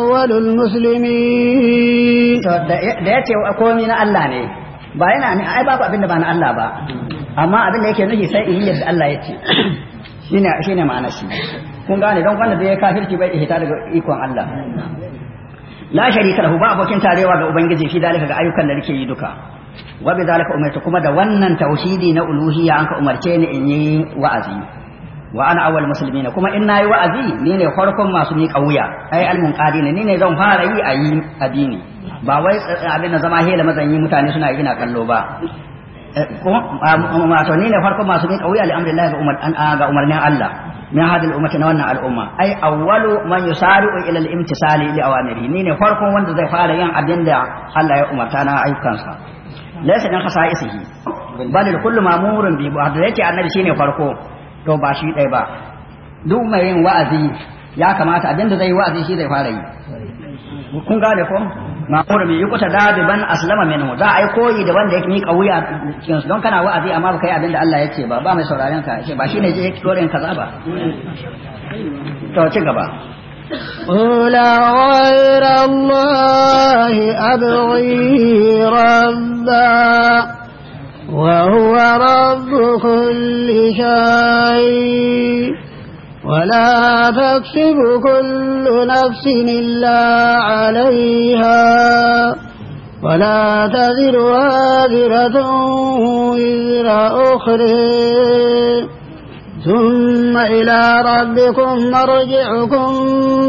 اول المسلمين da yace ni na Allah ne ba yana ne ai babu abin da ba na Allah ba amma abin da yake nufi sai in yi yadda Allah ya ce shine shine ma'anar shi kun gane don wanda bai kafirci bai ihita daga ikon Allah la sharika lahu ba abokin tarewa ga ubangiji fi dalika ga ayyukan da nake yi duka wa bi dalika umirtu kuma da wannan tauhidi na uluhiyya an ka umarce ni in yi wa'azi wa ana awwal muslimina kuma in nayi wa'azi ni ne farkon masu ni kauya ai al munqadina ni ne zan fara yi ayi addini ba wai eh, abin da zama hela mazan yi mutane suna yi na kallo ba eh, ah, wato ni ne farko masu miƙa wuya al'amrillah ga umar ah, ga umarnin Allah min hadal umarci na wannan al'umma ai awwalu man yusari'u ila al-imtisali li awamiri ni ne farkon wanda zai fara yin abin da Allah ya umarta na ayyukansa laysa min khasa'isihi bal kullu ma'murun bi ba yake annabi shine farko to ba shi dai ba duk mai yin wa'azi ya kamata abin da zai wa'azi shi zai fara yi kun gane ko ma'amur mai yi kuta dadiban aslama minhu za a yi koyi da wanda ya mika wuya cikin don kana wa'azi amma ba kai abin da Allah ya ce ba ba mai sauraren ka ce ba shine yake in kaza ba to ci gaba قل غير الله أبغي ربا وهو رب كل شيء ولا تكسب كل نفس إلا عليها ولا تذر وادرة وزر أخرى ثم إلى ربكم مرجعكم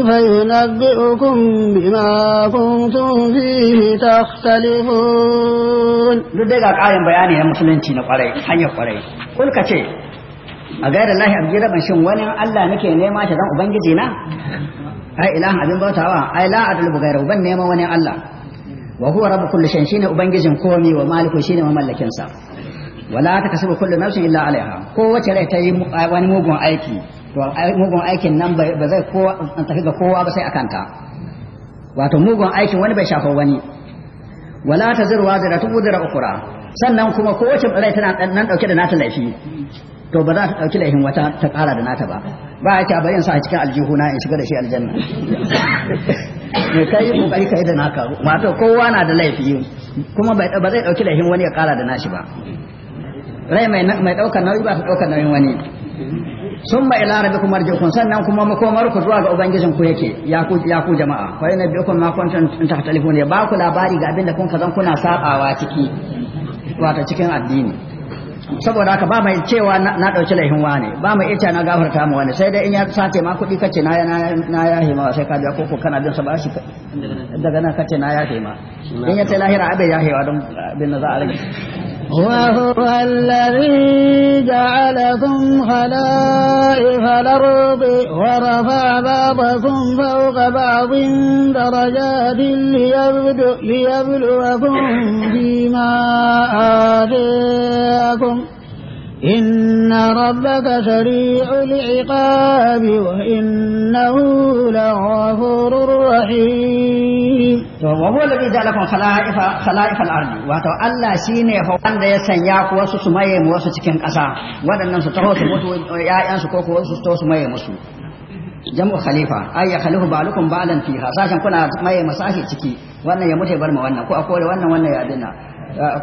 فينبئكم بما كنتم فيه تختلفون لديك آية بياني المسلمين قريب حي قريب قل كتير a gaira lahi abji rabban shin wani Allah nake nema shi dan ubangiji na ai ilahan abin bautawa ai la adalbu gaira uban nema wani Allah wa huwa rabbu kulli shay'in shine ubangijin komai wa maliku shine mamallakin sa wala ta kasabu kullu nafsin illa alaiha ko wace rai ta yi wani mugun aiki to mugun aikin nan ba zai kowa an tafi ga kowa ba sai akan ta wato mugun aikin wani bai shafa wani wala ta zirwa zira tu udra ukura sannan kuma kowace rai tana nan dauke da nata laifi to ba za ta dauki laifin wata ta kara da nata ba ba ya ta bayan sa a cikin aljihuna in shiga da shi aljanna me kai kokari kai da naka wato kowa na da laifi kuma ba zai dauki laifin wani ya kara da nashi ba rai mai mai daukar nauyi ba ta daukar nauyin wani sun ba ila rabi kuma kun sannan kuma makomar ku zuwa ga ubangijin ku yake ya ku ya ku jama'a fa na bi kun ma in ta talifu ne ba ku labari ga abin da kun kazan kuna sabawa ciki wato cikin addini saboda haka ba mai cewa na ɗauki laifin wane ba mai ita na gafarta mu wani sai dai in ya sace ma kuɗi kace na na ya hima sai ka biya koko kana bin sa ba shi daga nan kace na ya hima in ya ce lahira abai ya hewa don bin za a rage وهو الذي جعلكم خلائف الأرض ورفع بعضكم فوق بعض درجات ليبلوكم فيما آتيكم إن ربك سريع العقاب وإنه لغفور رحيم وهو الذي جعلكم خلائف خلائف الأرض وهو الله سيني هو أن يسنياك وسو سمية وسو تكين قصا ودن نسو تهو سموت يا أنسو كوكو وسو تهو جمع خليفة أي خليفة بعلكم بعلا فيها ساشا كنا مية مساشي تكي وانا يموت يبرم وانا كو أقول وانا وانا يأدنا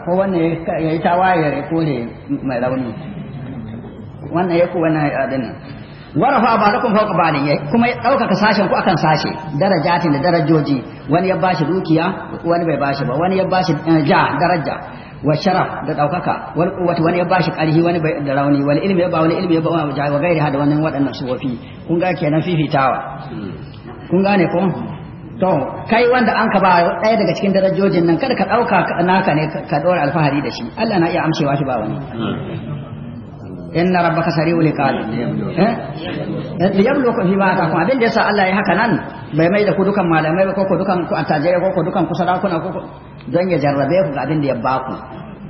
ko wanne ya yi tawaye ya kore mai rauni wannan ya kuwa na abin nan fa ba da kuma fauka ba ne kuma ya ɗaukaka sashen ku akan sashe darajatin da darajoji wani ya bashi dukiya wani bai bashi ba wani ya bashi eh, ja daraja wa sharaf da ɗaukaka wal quwwati wani ya bashi ƙarfi wani bai da rauni wal ilmi ya ba wani ilmi ya ba wa gairi hada wannan waɗannan sufofi kun ga kenan fifitawa kun gane ko to kai wanda an ka ba ɗaya daga cikin darajojin nan kada ka ɗauka naka ne ka ɗora alfahari da shi Allah na iya amshewa shi ba wani inna rabbaka sari'ul iqab eh liyabluwakum fi ma kuma abin da yasa Allah ya haka nan bai mai da ku dukan malamai ba ko ku dukan attajire ko ku dukan na ku don ya jarrabe ku ga abin da ya baku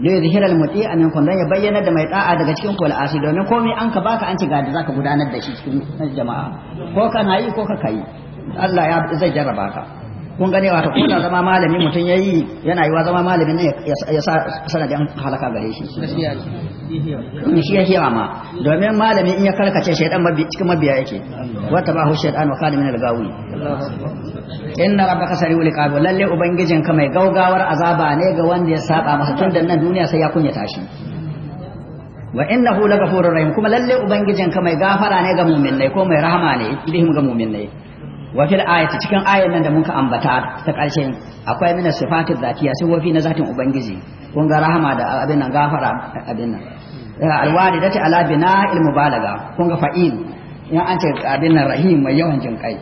liyuzhira almuti'a minkum don ya bayyana da mai da'a daga cikin kula al'asi domin komai an ka baka an ci ga da zaka gudanar da shi cikin jama'a ko kana yi ko ka kai Allah ya zai jarraba ka kun gane wato ko da zama malami mutun yayi yana yiwa zama malamin ne ya sa sanadin halaka gare shi shi ya hiya ma domin malami in ya karkace shaydan mabbi cikin mabiya yake wa tabahu shaydan wa kana min al-gawi inna rabbaka sari'u liqab lalle ubangijin ka mai gaugawar azaba ne ga wanda ya saba masa tun da nan duniya sai ya kunya tashi wa innahu lagafurur rahim kuma lalle ubangijin ka mai gafara ne ga mu'minai ko mai rahama ne idihim ga mu'minai wafil ayati cikin ayan nan da muka ambata ta ƙarshe akwai mina sifatul zatiya wafi na zatin ubangiji kun ga rahama da abin nan gafara abin nan eh, ta ala bina il mubalaga kun ga fa'il in an ce abin nan rahim mai yawan jin kai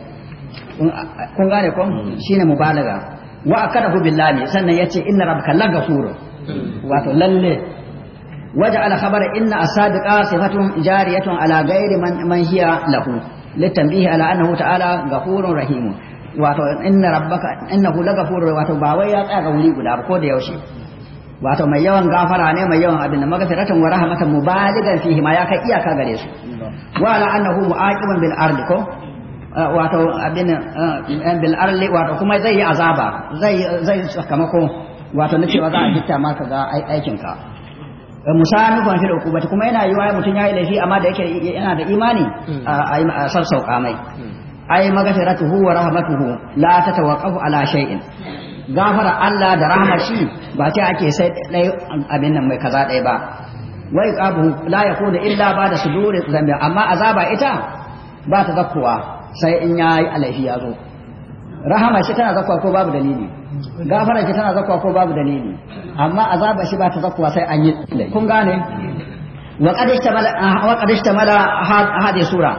kun gane kun hmm. shine mubalaga wa akadahu billahi sannan yace inna rabbaka lagafur hmm. wato lalle waja'ala khabara inna asadiqa sifatun jariyatun ala ghairi man hiya lahu litanbihi ala annahu ta'ala ghafurur rahim wato inna rabbaka innahu laghafurur wato ba wai ya tsaya ga wuri guda ba ko da yaushe wato mai yawan gafara ne mai yawan abin da magfiratan wa rahmatan mubaligan ma ya kai iyaka gare su wa ala annahu mu'aqiban bil ardi ko wato abin bil wato kuma zai yi azaba zai zai sakamako wato nace ba za a gitta maka ga aikin ka Eh, musanufan fil ukubati kuma yana yi wa mutum yayi laifi amma da yake yana da imani hmm. a sassauka mai ai maghfiratuhu wa rahmatuhu la tatawaqqafu ala shay'in gafara Allah da rahama shi ba ce ake sai dai abin nan mai kaza dai ba wai abu la illa ba da suduri zambi amma azaba ita ba ta zakkuwa sai in yayi alaihi ya zo rahama shi tana zakkuwa ko babu dalili gafara ki tana zakwa ko babu dalili amma azaba shi ba ta zakwa sai an yi kun gane wa qad ishtamala wa qad ishtamala hadi sura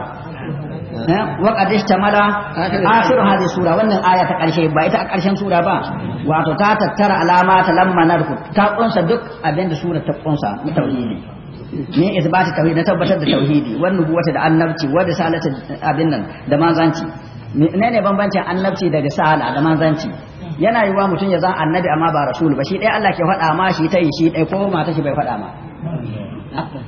eh? wa qad ishtamala akhir hadi sura wannan aya ta karshe ba ita a karshen sura ba wato ta tattara alama ta lamma narku ta kunsa duk abinda sura ta kunsa na tauhidi ne isbata tauhidi na tabbatar da tauhidi wannan nubuwata da annabci wanda risalata abin nan da manzanci ne ne bambancin annabci da risala da manzanci yana yiwuwa mutum ya zan annabi amma ba rasul ba shi ɗaya Allah ke faɗa ma shi ta yi shi ɗaya ko mata shi bai faɗa ma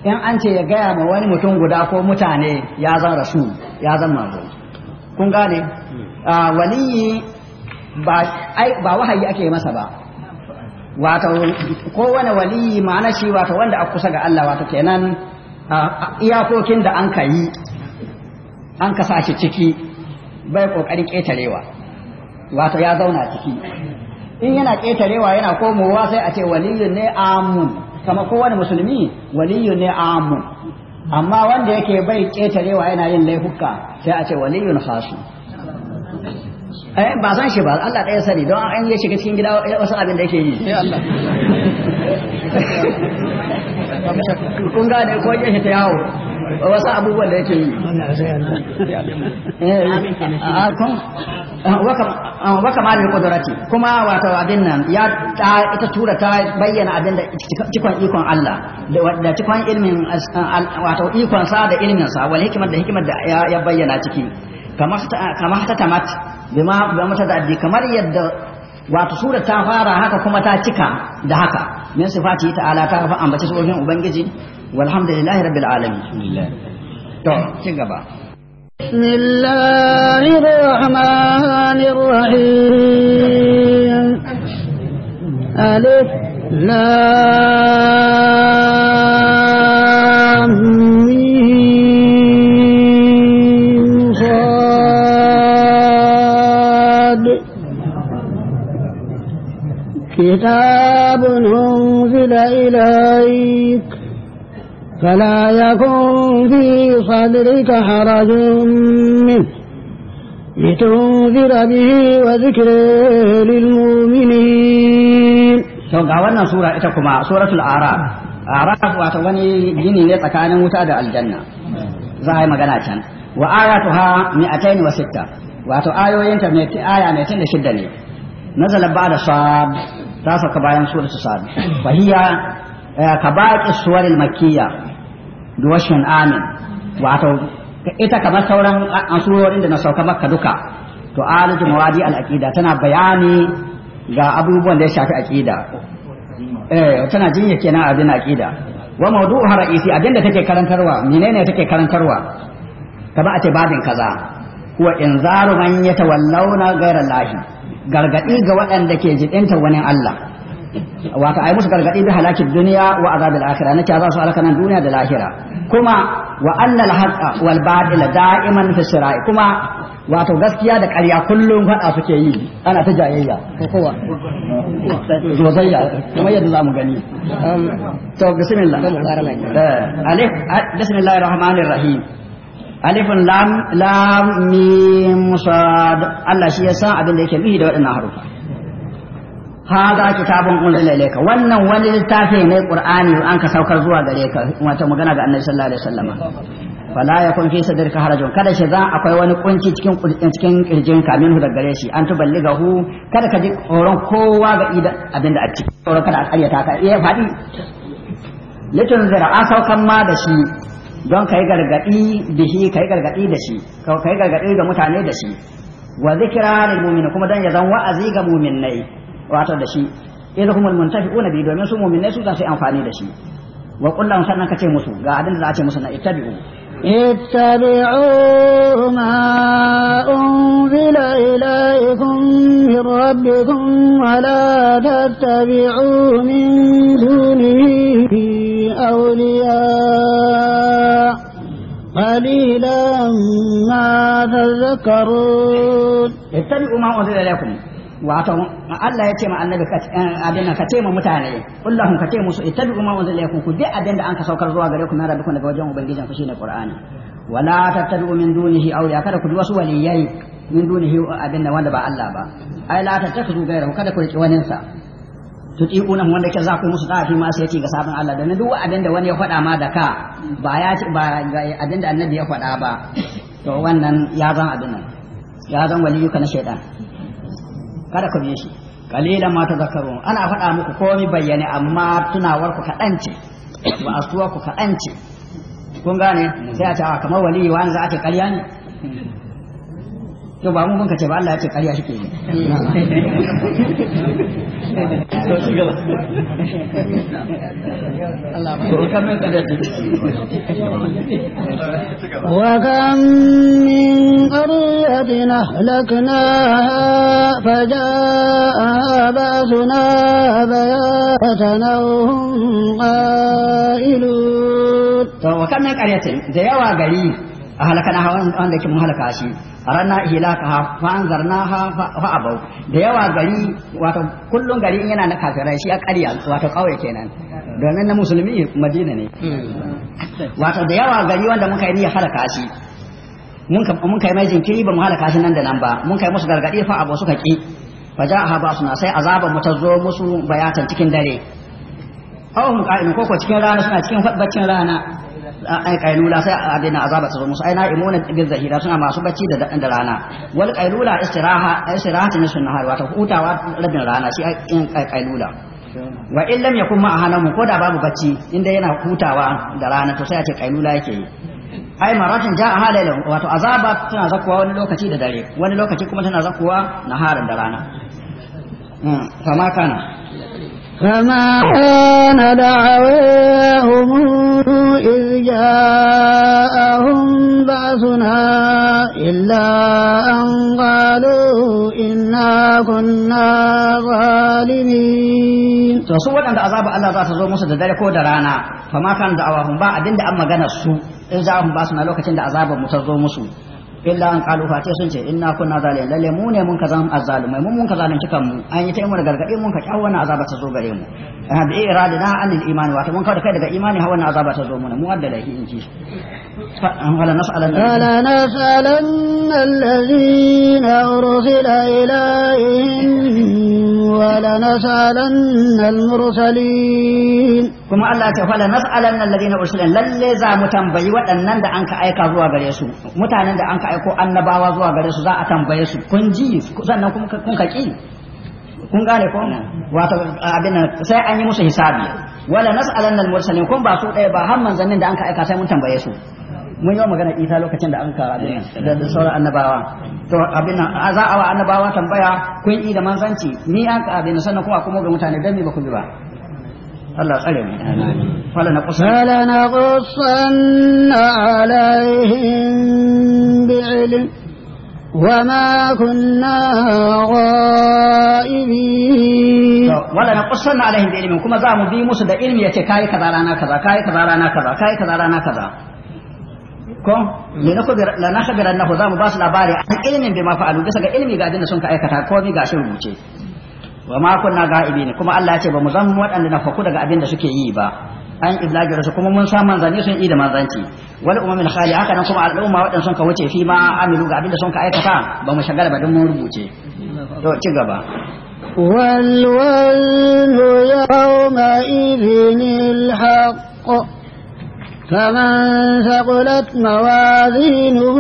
in an ce ya gaya ma wani mutum guda ko mutane ya zan rasul ya zan manzo kun gane waliyi ba ba wahayi ake masa ba wato kowane waliyi ma'ana shi wato wanda a kusa ga Allah wato kenan iyakokin da an ka yi an ka sashi ciki bai kokarin ƙetarewa wato ya zauna ciki in yana ƙetarewa yana komowa sai a ce waliyun ne amun kama kowane musulmi waliyun ne amun amma wanda yake bai ƙetarewa yana yin laifuka sai a ce waliyun hasu eh, ba san shi ba Allah ɗaya sani don an yi shiga cikin gida wasu abin da yake yi kun gane ko yake ta yawo wasu abubuwan da yake yi waka ma da kudurati kuma wata abin nan ya ita tura ta bayyana abin da cikon ikon Allah da cikon ilmin ah, wato ikon sa da ilmin sa wal hikimar da hikimar da ya bayyana ciki kamar ta tamat bima mata ta da kamar yadda wato sura ta fara haka kuma ta cika da haka من صفاته تعالى تعرف أن بتسوء من أبنجي والحمد لله رب العالمين بسم الله طب تنقبع بسم الله الرحمن الرحيم ألف لام كتاب أنزل إليك فلا يكن في صدرك حرج منه لتنذر به وذكر للمؤمنين to ga wannan sura ita kuma suratul araf araf wato wani gini ne tsakanin wuta da aljanna za a yi magana can wa ayatuha mi'atayn wa sitta wato ayoyinta mai aya mai 96 ne nazala ba'da sad ta ka bayan sura su sami fahiya eh, ka baƙi suwarin makiya duwashin amin wato ita kamar sauran asurorin da na sauka maka duka to aliju mawadi al-aqida tana bayani ga abubuwan da ya shafi aqida eh tana jinya kenan abin aqida wa mawdu'uha ra'isi abinda take karantarwa menene take karantarwa ba a ce babin kaza huwa inzaru man yatawallawna ghayra lahi Gargaɗi ga waɗanda ke jibinta wani Allah wato ai musu gargaɗi bi halakin duniya wa azabil akhirah nake za su halaka nan duniya da lahira kuma wa anna al haqqa wal batila da'iman fi sirai kuma wato gaskiya da ƙarya kullum faɗa suke yi ana ta jayayya kowa zozayya kuma yadda za mu gani um, to bismillah eh, alif bismillahir rahmanir rahim alifin lam mim sad Allah shi ya san abin da yake nufi da waɗannan harufa hada kitabun unzila ilayka wannan wani littafi ne qur'ani an ka saukar zuwa gare ka wato magana ga annabi sallallahu alaihi wasallam fala yakun fi sadrika harajun kada shi za akwai wani kunci cikin cikin kirjin ka minhu da gare shi an tuballigahu kada ka ji tsoron kowa ga idan abin da a ciki tsoron kada a ƙaryata ka eh fadi litun zira a saukan ma da shi don kai gargadi bihi kai gargaɗi da shi kai gargaɗi ga mutane da shi wa zikira da mu'minin kuma dan ya zan wa'azi ga mu'minai wato da shi idan humul muntafiquna bi domin su mu'minai su za su amfani da shi wa kullum sannan ka ce musu ga abin da za a ce musu na ittabi'u اتبعوا ما أنزل إليكم من ربكم ولا تتبعوا من دونه أولياء قليلا ما تذكرون اتبعوا ما أنزل إليكم wato Allah ya ce ma annabi abin ka ce ma mutane kullahum ka ce musu ittabi'u ma unzila ilaykum ku bi abin da an ka saukar zuwa gare ku na rabbikum daga wajen ubangijin ku shine qur'ani wala tattabi'u min dunihi awliya kada ku bi wasu waliyai min dunihi abin da wanda ba Allah ba ai la tattakhudhu ghayrahu kada ku riƙi waninsa tutiquna wanda ke za ku musu da'a fi ma sai yake ga sabon Allah da duk wa'adin da wani ya faɗa ma da ka ba ya ba abin da annabi ya faɗa ba to wannan ya zan abin nan ya zan waliyuka na shaitan kada ku bi shi kalilan ma tazakkarun ana faɗa muku komai bayyane amma tunawar ku kaɗan ce ba asuwa ku kaɗan ce kun gane sai a ce ah, kamar waliyu wani za a ce ƙarya ne to ba mun mun kace ba Allah ya ce ƙarya shi ke yi وكم من قرية أهلكناها فجاء بأسنا بياتا وهم قائلون وكم من قرية da yawa gari ahlakanaha wanda yake mun halaka shi aranna ha fa ha fa abau da yawa gari wato kullun gari yana na kafirai shi a ƙarya wato kauye kenan domin na musulmi madina ne wato da yawa gari wanda muka yi niyyar halaka shi mun kai mai jinkiri ba mu halaka shi nan da nan ba mun kai musu gargadi fa abau suka ki fa ha ba suna sai azaban mu ta zo musu bayatan cikin dare awon ka'in koko cikin rana suna cikin baccin rana ai kailula sai a dina azaba su musu ai na imuna bil zahira suna masu bacci da da rana wal kailula istiraha istirahatun sun nahar wato hutawa rabin rana shi ai kailula wa in lam yakun ma hanamu ko da babu bacci inda yana hutawa da rana to sai a ce kailula yake yi ai maratin ja a halayen wato azaba tana zakuwa wani lokaci da dare wani lokaci kuma tana zakuwa na harin da rana hmm, fama kana فما كان دعواهم ودوا إذ جاءهم بأسنا إلا أن قالوا إنا كنا ظالمين to su waɗanda azaba Allah za ta zo musu da dare ko da rana fa ma kan da'awahum ba abinda an magana su in za mu ba suna na lokacin da azabar mu ta zo musu illa an qalu fa sun ce inna kunna zalimin lalle mu ne mun ka zan azzalumai mun mun ka zalunci kanmu an yi ta mu da gargade mun ka kyawu wannan azaba ta zo gare mu bi iradina anil imani wato mun ka da kai daga imani ha wannan azaba ta zo mu mu adda lahi in ji فلا نسألن الذين أرسل إليهم ولا نسألن المرسلين kuma Allah ce fala mas'alan nan ladina ursilin lalle za mu tambayi waɗannan da anka aika zuwa gare su mutanen da anka aiko annabawa zuwa gare su za a tambaye su kun ji sannan kuma kun kaki kun gane ko wato abin nan sai an yi musu hisabi wala mas'alan nan mursalin kun ba su ɗaya ba har manzannin da anka aika sai mun tambaye su mun yi wa magana ita lokacin da an kara da sauran annabawa to abin a za a wa annabawa tambaya kun yi da manzanci ni an ka abin sannan kuma kuma ga mutane dan me ba ku bi ba Allah tsare mu fala na qusan fala na qusan alaihim bi'ilm وما كنا غائبين ولا نقصنا عليهم بعلم كما زعموا بي موسى ده علم يتكاي كذا رانا كذا كاي كذا رانا كذا كاي كذا رانا kaza. ko me na khabira la na khabira annahu zamu ba su labari an ilmin bi ma fa'alu gasa ga ilmi ga abin sun ka aikata ko mi ga shi rubuce wa ma kunna ne kuma Allah ya ce ba mu zan waɗanda na faku daga abin da suke yi ba an iblaji rasu kuma mun sa manzanni sun yi da manzanci wal umamin khali haka nan kuma al'umma waɗanda sun ka wuce fi ma amilu ga abin da sun ka aikata ba mu shagala ba don mun rubuce to ci gaba والوزن يومئذ الحق فمن ثقلت موازينه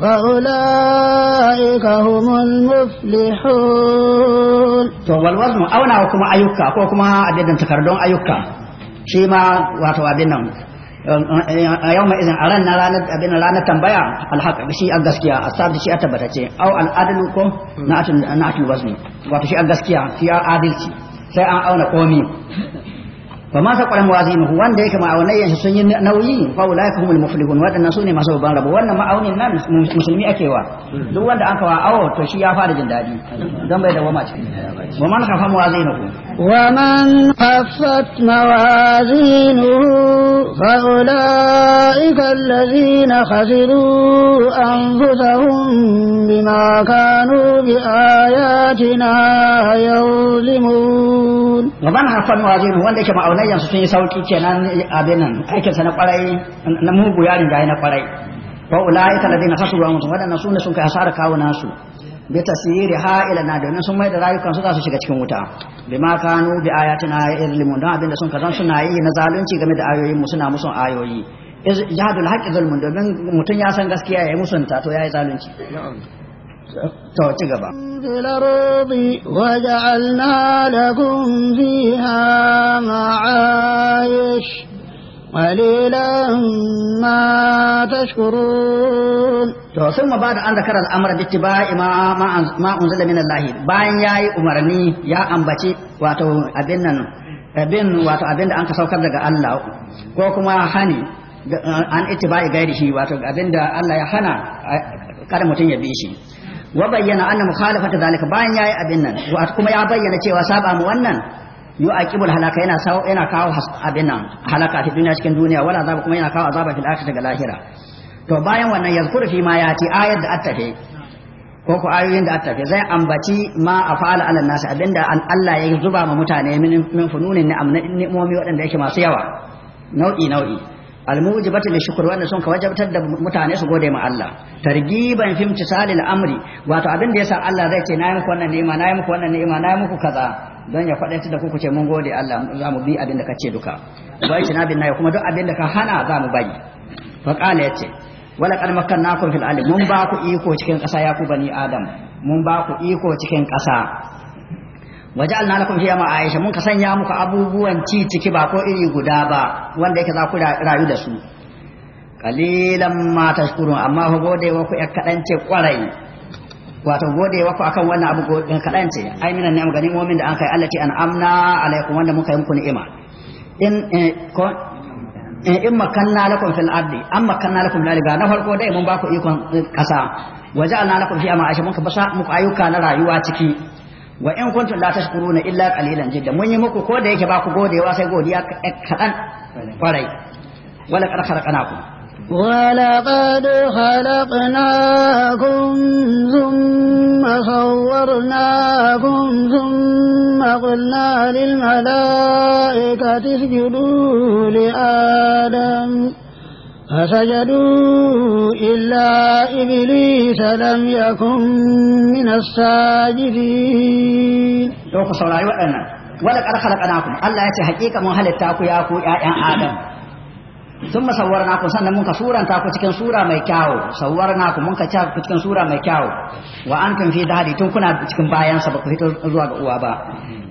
فأولئك هم المفلحون to walwazmu auna kuma ayyuka ko kuma adadin takardun ayyuka shi ma wato abin nan eh, yau mai a ran na ranar abin ranar tambaya alhaka shi a gaskiya a sabu shi a tabbatace au al'adalu ko na atul wazni wato shi a gaskiya shi a adalci sai an auna komi fa ma saqala mawazinuhu wanda yake ma'aunai yanshi sun yi nauyi fa ulaika humul muflihun wadannan sune masu babban rabo wannan ma'aunin nan musulmi ake wa duk wanda aka wa awo to shi ya fara jin dadi dan bai dawama cikin wa man khafa mawazinuhu wa man khaffat mawazinuhu fa ulaika alladhina khasiru anfusahum bima kanu bi ayatina yuzlimun wa man khaffat mawazinuhu wanda yake ma'aunai zunubban yanzu sun yi sauki kenan abin nan aikinsa na kwarai na mugu yarin gaya na kwarai wa ulaika ladina hasabu mutum wadannan sun sun kai hasara kawo nasu bi tasiri ha ila na domin sun mai da rayukan su za su shiga cikin wuta ma kanu bi ayatina limon don abinda sun zan suna yi na zalunci game da ayoyin mu suna musun ayoyi jahadul haƙi zulmun domin mutum ya san gaskiya ya yayi musunta to yi zalunci to ci gaba وجعلنا لكم فيها معايش قليلا ما tashkurun. to sun ma da an zakarar amara bitti ba ma unzila min Allah bayan yi umarni ya ambaci wato abin nan abin wato abin da an ka saukar daga Allah ko kuma hani an ittiba'i gairi shi wato abin da Allah ya hana kada mutum ya bi shi wa bayyana anna mukhalafata zalika bayan yayi abin nan wa kuma ya bayyana cewa saba mu wannan yu'aqibul halaka yana sawo yana kawo abin nan halaka a duniya cikin duniya wala azaba kuma yana kawo azaba fil akhirah ga lahira to bayan wannan yazkuru fi ma yati ayat da attafe ko ko ayoyin da attafe zai ambaci ma afala ala nasi abinda Allah ya zuba ma mutane min fununin ni'am ni'imomi waɗanda yake masu yawa nau'i nau'i almujibatu lishukr wanda sun ka wajabtar da mutane su gode ma Allah targiban fi imtisalil amri wato abin da yasa Allah zai ce na nayi muku wannan ni'ima nayi muku wannan ni'ima nayi muku kaza don ya faɗa da ku ku ce mun gode Allah za mu bi abin da ka ce duka bai ci nabin nayi kuma duk abin da ka hana za mu bari fa qala yace wala qad makkannakum fil ardi mun ba ku iko cikin kasa ya ku bani adam mun ba ku iko cikin kasa. waja'alna lakum fiha ma'aisha mun ka sanya muku abubuwan ci ciki ba ko iri guda ba wanda yake za ku rayu da su qalilan ma tashkurun amma ho gode wa ku kadan ce kwarai wato gode wa ku akan wannan abu gode kadance ai minan ne ganin mu'min da an kai allati an amna alaikum wanda muka yi muku ni'ima in eh, ko eh, in makanna lakum fil ardi am makanna lakum ga na farko dai mun ba ku ikon kasa eh, waja'alna lakum fiha ma'aisha mun ka basa muku ayyuka na rayuwa ciki wa in kuntum la tashkuruna illa qalilan jidda mun yi muku ko da yake ba ku godewa sai godiya kaɗan kwarai wala qad khalaqnakum ولقد خلقناكم ثم صورناكم ثم قلنا للملائكة اسجدوا لآدم فسجدوا إلا إبليس لم يكن من الساجدين لو لوك سوراري وأنا ولك أنا خلقناكم الله يتي حقيقة من هل ياكو يا آدم ثم صورناكم سنة منك سورة تاكو تكن سورة ميكاو صورناكم منك تاكو تكن سورة ميكاو وأنتم في ذهدي تنكنا تكن بايان سبق في تلوغ أوابا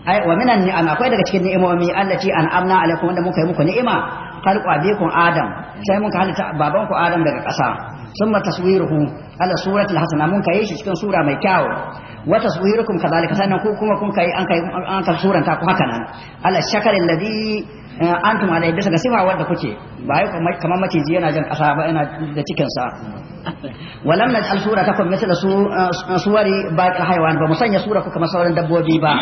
أي ومن ni'ama akwai تكن cikin ومي التي an'amna alaikum wanda muka yi muku ni'ima kal qabikum adam sai mun kalita baban ku adam daga ƙasa summa taswiruhu ala suratil hasana mun ka shi cikin sura mai kyau wa taswirukum kadhalika sanan ku kuma kun kai an kai an kai suran ta ku haka nan ala shakarin ladhi antum alayhi bisa sifa wanda kuke ba yi kamar maciji yana jan ƙasa ba yana da cikin sa walam na al-sura takum mithla su suwari ba al ba musanya sura ku kamar sauran dabbobi ba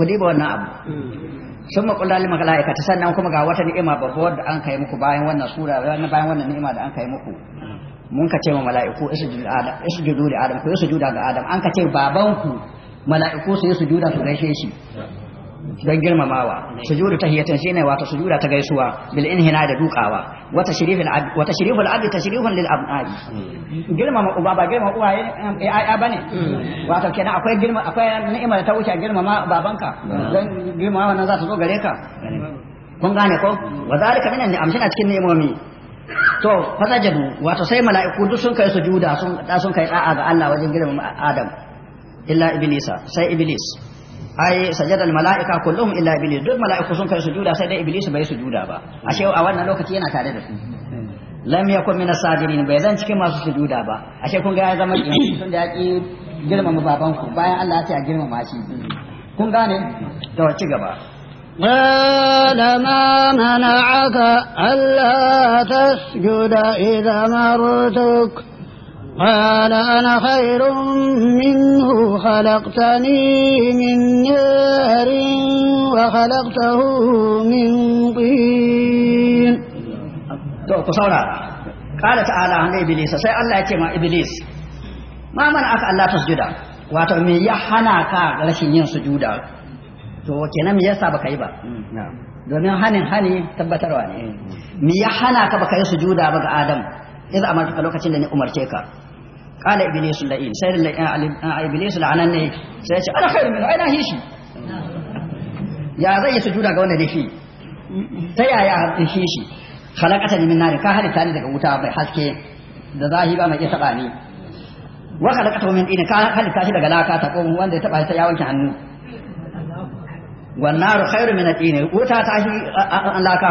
ku diba wannan abu sun maƙulla mala'ika ta sannan kuma ga wata ni'ima babbar da an kai muku bayan wannan sura bayan wannan ni'ima da an kai muku mun ka ce ma mala'iku isjudu adam isjudu li adam ku yi ga adam an ka ce babanku mala'iku su yi juda su gaishe shi don girmamawa sujudu tahiyatin shine wato sujuda ta gaisuwa bil inhina da dukawa wata tashrifil abd wa tashriful abd tashrifun lil abnai girmama uba ba girmama uwa ya eh, eh, bane wato kenan akwai girma akwai ni'ima ta wuce girmama babanka don girmama wannan za ta zo gare ka kun gane ko wa zalika minan ni'am shine cikin ni'imomi to fasajadu wato sai mala'iku duk sun kai sujuda sun sun kai da'a ga Allah wajen girmama Adam illa iblisa sai iblis ai sajada al malaika kullum illa iblis duk malaiku sun kai sujuda sai dai iblis bai sujuda ba ashe a wannan lokaci yana tare da su lam yakun min as-sajidin bai zan cikin masu sujuda ba ashe kun ga ya zama tun da ya ki baban babanku bayan Allah ya ce a girmama shi kun gane to ci gaba قال ما منعك ألا تسجد إذا مرتك قال أنا خير منه خلقتني من نار وخلقته من طين قال تعالى عن إبليس سي الله يتيما إبليس ما منعك ألا تسجد wato me ya hana ka rashin yin sujuda to kenan me yasa baka yi ba domin hanin hani tabbatarwa ne mm. me hana ka baka yi sujuda ba ga Adam idan amarka lokacin da ni umarce ka قال ابليس اللئيم سير ابليس ne sai ce ana khairu minhu aina hishi ya zai yi sujuda ga wanda da shi ta yaya da shi shi khalaqata min nar ka halitta ni daga wuta mai haske da zahi ba mai iya taba wa khalaqata min tin ka halitta shi daga laka ta ko wanda ya taba shi ta ya wanke hannu wan nar khairu min tin wuta ta shi laka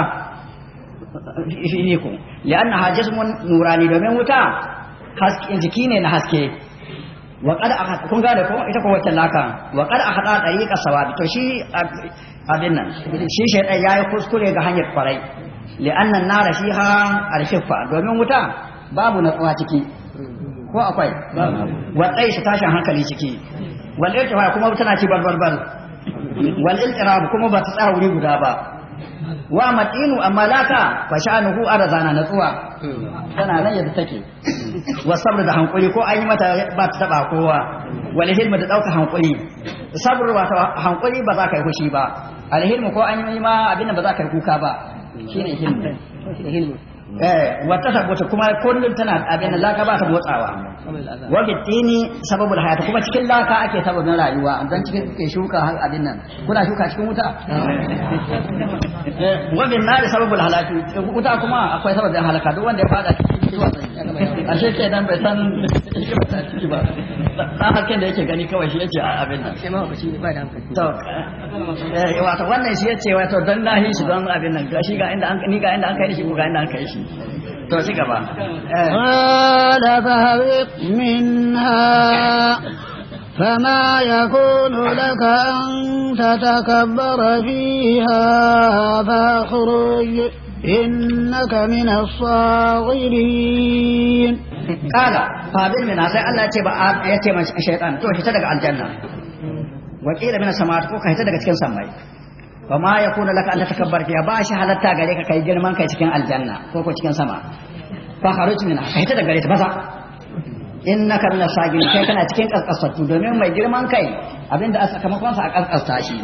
shi ne ko li'annaha jismun nurani domin wuta jiki ne na haske wa qad kun gane ko ita ko wata laka wa qad ahada tariqa sawabi to shi abin nan shi shaytan yayi kuskure ga hanyar kwarai li'anna nara fiha al-shiffa domin wuta babu natsuwa ciki ko akwai wa shi tashin hankali ciki wal irtifa kuma tana ci barbar wal iltirab kuma ba ta tsara wuri guda ba wa matinu amma laka fa sha'anuhu arzana natsuwa tana nan yadda take wa sabr da hankuri ko an yi mata ba ta taba kowa wal hilma da dauka hankuri sabr wa ta hankuri ba za ka yi fushi ba al hilma ko an yi ma abin da ba za ka yi kuka ba shine hilma Eh, wata sabota kuma kullum tana abin laka ba ta motsawa wage tini sababul hayata kuma cikin laka ake sababin rayuwa dan cikin ke shuka har abin nan kuna shuka cikin wuta eh, wage nari sababul halaki wuta kuma akwai sababin halaka duk wanda ya fada cikin wuta ashe kenan bai san shi ba ta ciki ba dan da yake gani kawai shi yace a abin nan sai ba da hankali to eh wato wannan shi yace wato dan nahi shi don abin nan gashi ga inda an ni ga inda an kai shi ga inda an kai shi to shi gaba قال فهبط منها فما يكون لك أن تتكبر فيها فاخرج In naka ni na fa fa bin ni na sai Allah ya ce ba'a na ya ce mai shi ka shaiɗan to ka hita daga aljanna. Waƙila na sama da ka hita daga cikin samai. Kamar ya kona laka Allah ta ya bashi halarta a gare ka kai girman kai cikin aljanna ko kai cikin sama. Fa a karu suna na daga gare ta baza. innaka karna sagin kai kana cikin kaskasatu domin mai girman kai abinda aka sakamakon sa a kaskasta shi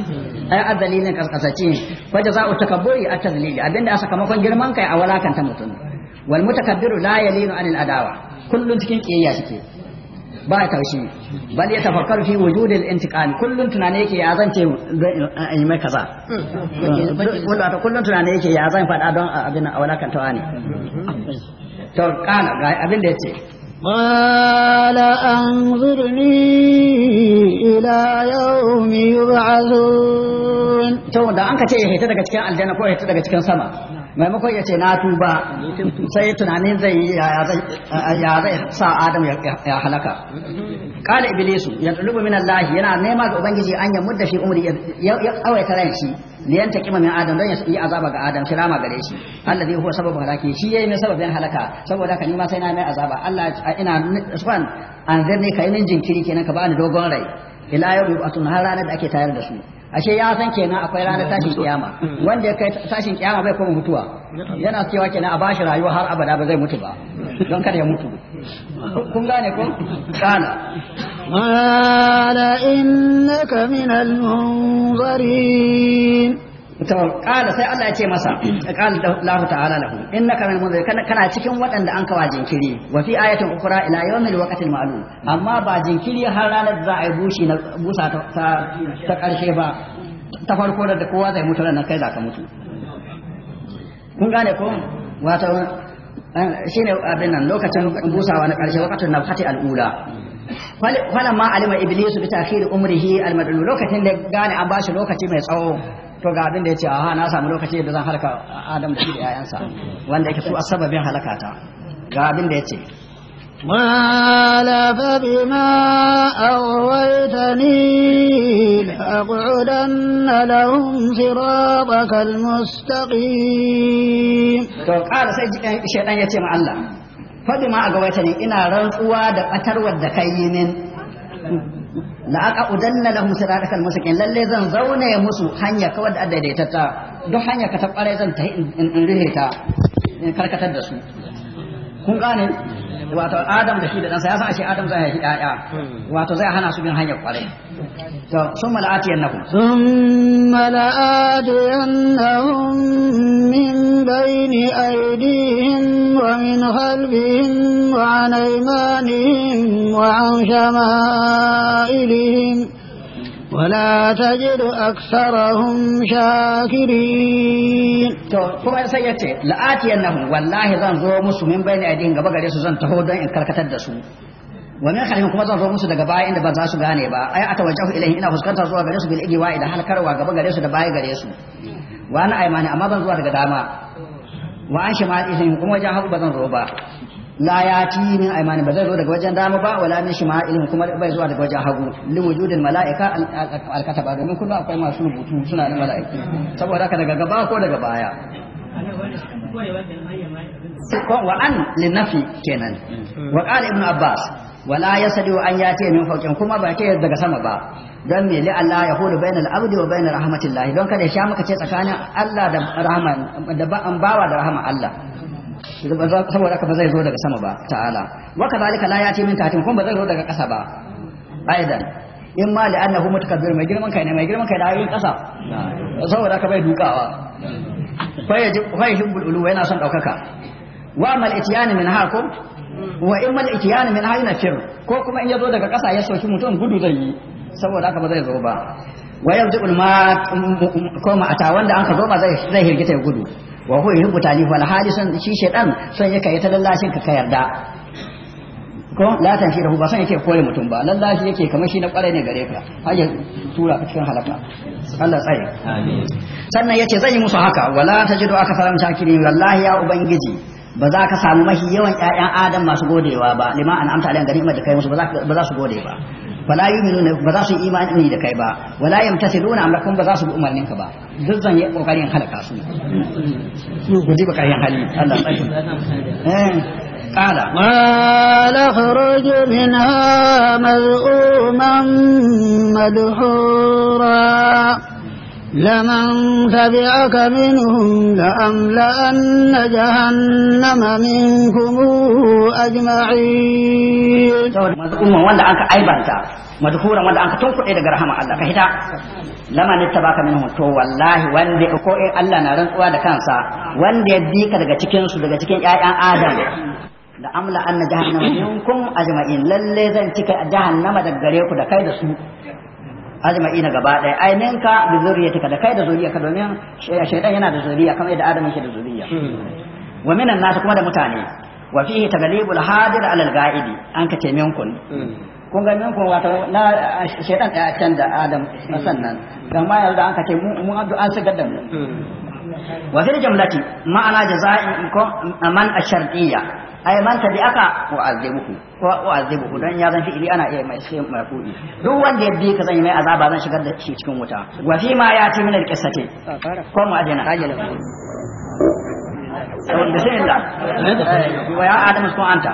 ai adalilin kaskasaci fa u takabburi at-tadlil abinda aka sakamakon girman kai a ta mutum wal mutakabbiru la yalinu al adawa kullun cikin kiyayya suke ba shi bal ya tafakkaru fi wujudil intiqam kullun tunane yake ya zan ce in mai kaza kullun tunane yake ya zan faɗa don abin a ta ne to kana abin da yace قال أنظرني إلى يوم يبعثون to da an ka ce ya hita daga cikin aljanna ko ya hita daga cikin sama maimakon ya ce na tuba sai tunanin zai ya zai sa adam ya halaka kala iblisu ya tulubu min yana nema ga ubangiji an ya mudda shi umri ya awaita ran shi ne yanta kima min adam don ya yi azaba ga adam kirama gare shi allazi huwa sababu halaki shi yayi min sababin halaka saboda ka ma sai na mai azaba allah ina an anzirni ka yi min jinkiri kenan ka bani dogon rai ila yau a atun har ranar da ake tayar da su ashe ya san kenan akwai ranar tashin kiyama wanda ya kai tashin kiyama bai kuma mutuwa yana cewa kenan a bashi rayuwa har abada ba zai mutu ba don kada ya mutu kun gane ko kana قال innaka minal munzarin to kala sai Allah ya ce masa kala Allah ta'ala lahu innaka min munzir kana cikin waɗanda an kawa jinkiri wa fi ayatin ukra ila yawmil waqtil ma'lum amma ba jinkiri har ranar za a yi bushi na busa ta ta karshe ba ta farko da kowa zai mutu ranar kai za ka mutu kun gane ko wato eh, shine abin nan lokacin busawa na karshe waqtul na al al'ula. falamma alima iblisu bi ta'khir umrihi al lokacin da gane an bashi lokaci mai tsawo to ga abin da ya ce a na samu lokaci da zan halaka adam da shi da yayansa wanda yake su a sababin halakata ga abin da ya ce ma a malafa bima awaitani aqudan lahum siratuka almustaqim to ƙara sai ishe jikan shaydan yace ma Allah fadi ma agawaitani ina rantsuwa da ɓatarwar da kai yi min udanna lahum siratal mustaqim lalle zan zaune musu hanya kawai da daidaitatta duk hanya ka ta kware zan ta in rihe ta karkatar da su kun gane wato adam da shi da ɗansa ya san ashe adam zai haifi ɗaya wato zai hana su bin hanyar kwarai to sun mala'ati yannakum sun mala'ati yannahum min bayni aydihim wa min khalfihim wa an aymanihim wa an shama'ilihim ولا تجد أكثرهم شاكرين to kuma sai yace la'atiyannahum wallahi zan zo musu min bayni aidin gaba gare su zan taho don in karkatar da su wa min khalfihim kuma zan zo musu daga baya inda ba za su gane ba ai atawajjahu ilaihim ina fuskanta zuwa gare su bil igwa da halkarwa gaba gare da baya gare wa na amma zan zuwa daga dama wa an shimali kuma wajen hagu ba zan zo ba لا ياتي من ايمان ba zai zo daga wajen dama ba wala min shima'ilin kuma bai zuwa daga wajen hagu li wujudil mala'ika alkataba domin kullum akwai masu suna da mala'iku saboda غبا daga دغ بايا daga baya wa وقال ابن kenan ولا يسد ibnu abbas wala yasdi كما yati min fawqin kuma ba ke daga sama ba dan me li Allah ya hulu bainal abdi wa bainar rahmatillahi don kada ya sha maka ce tsakanin Allah da rahman da ba an bawa da rahman Allah saboda haka ba zai zo daga sama ba ta'ala wa kadhalika la yati min tahtin kuma ba zai zo daga kasa ba aidan in ma li annahu mutakabbir mai girman kai ne mai girman kai da ayoyin ƙasa saboda haka bai dukawa fa yaji fa yuhibbul ulu yana son daukaka wa mal itiyani min hakum wa in mal itiyani min hayna fir ko kuma in yazo daga kasa ya soki mutum gudu zai yi saboda haka ba zai zo ba wa yarji'ul ma ko ma ata wanda an ka zo ba zai zai hirgita ya gudu wa huwa yuhibbu talif wal halisan shi shaytan son yake ya talallashin shi ka yarda ko la san shi da ba san yake kore mutum ba lallashi yake kamar shi na kware ne gare ka haje tura ka cikin halaka Allah tsaye sannan yace zai yi musu haka wala tajidu akasaran shakirin wallahi ya ubangiji ba za ka samu mahi yawan ƴaƴan adam masu godewa ba lima an amsa alayhi ganimar da kai musu ba za su gode ba fala yu'minuna ba za su yi imani da kai ba wala yamtasiluna amrakum ba za su bi umarnin ka ba duk zan yi قال منها مدحورا لمن تبعك منهم لأملأن جهنم منكم أجمعين مذكوما وانا أنك أيبانتا مذكورا وانا أنك تنفع إذا رحمة الله كهتا لما نتبعك منهم تو والله وان دي أكو الله نارن وادا كانسا وان دي ديك دقا تكين سو دقا تكين آي آدم da amla anna jahannama minkum ajma'in lalle zan cika jahannama daga ku da kai da su ajma'ina gaba ɗaya ainihinka bi ta da kai da ka domin shaitan yana da zuriya kamar yadda adam yake da zuriya wa minan nasu kuma da mutane wa fihi taglibul hadir alal ga'ibi an kace minkun kun ga minkun wato na shaitan ya can da adam sannan amma yanzu an kace mu an shigar da mu wa fil jumlati ma'ana jaza'in man ash-shartiyya ai man tabi aka u'azibuhu wa u'azibuhu dan ya zan fi'ili ana iya mai sai kudi duk wanda ya bi ka zan yi mai azaba zan shigar da shi cikin wuta wa fi ma ya ci min alqisati ko mu ajina shi wa ya adamu su anta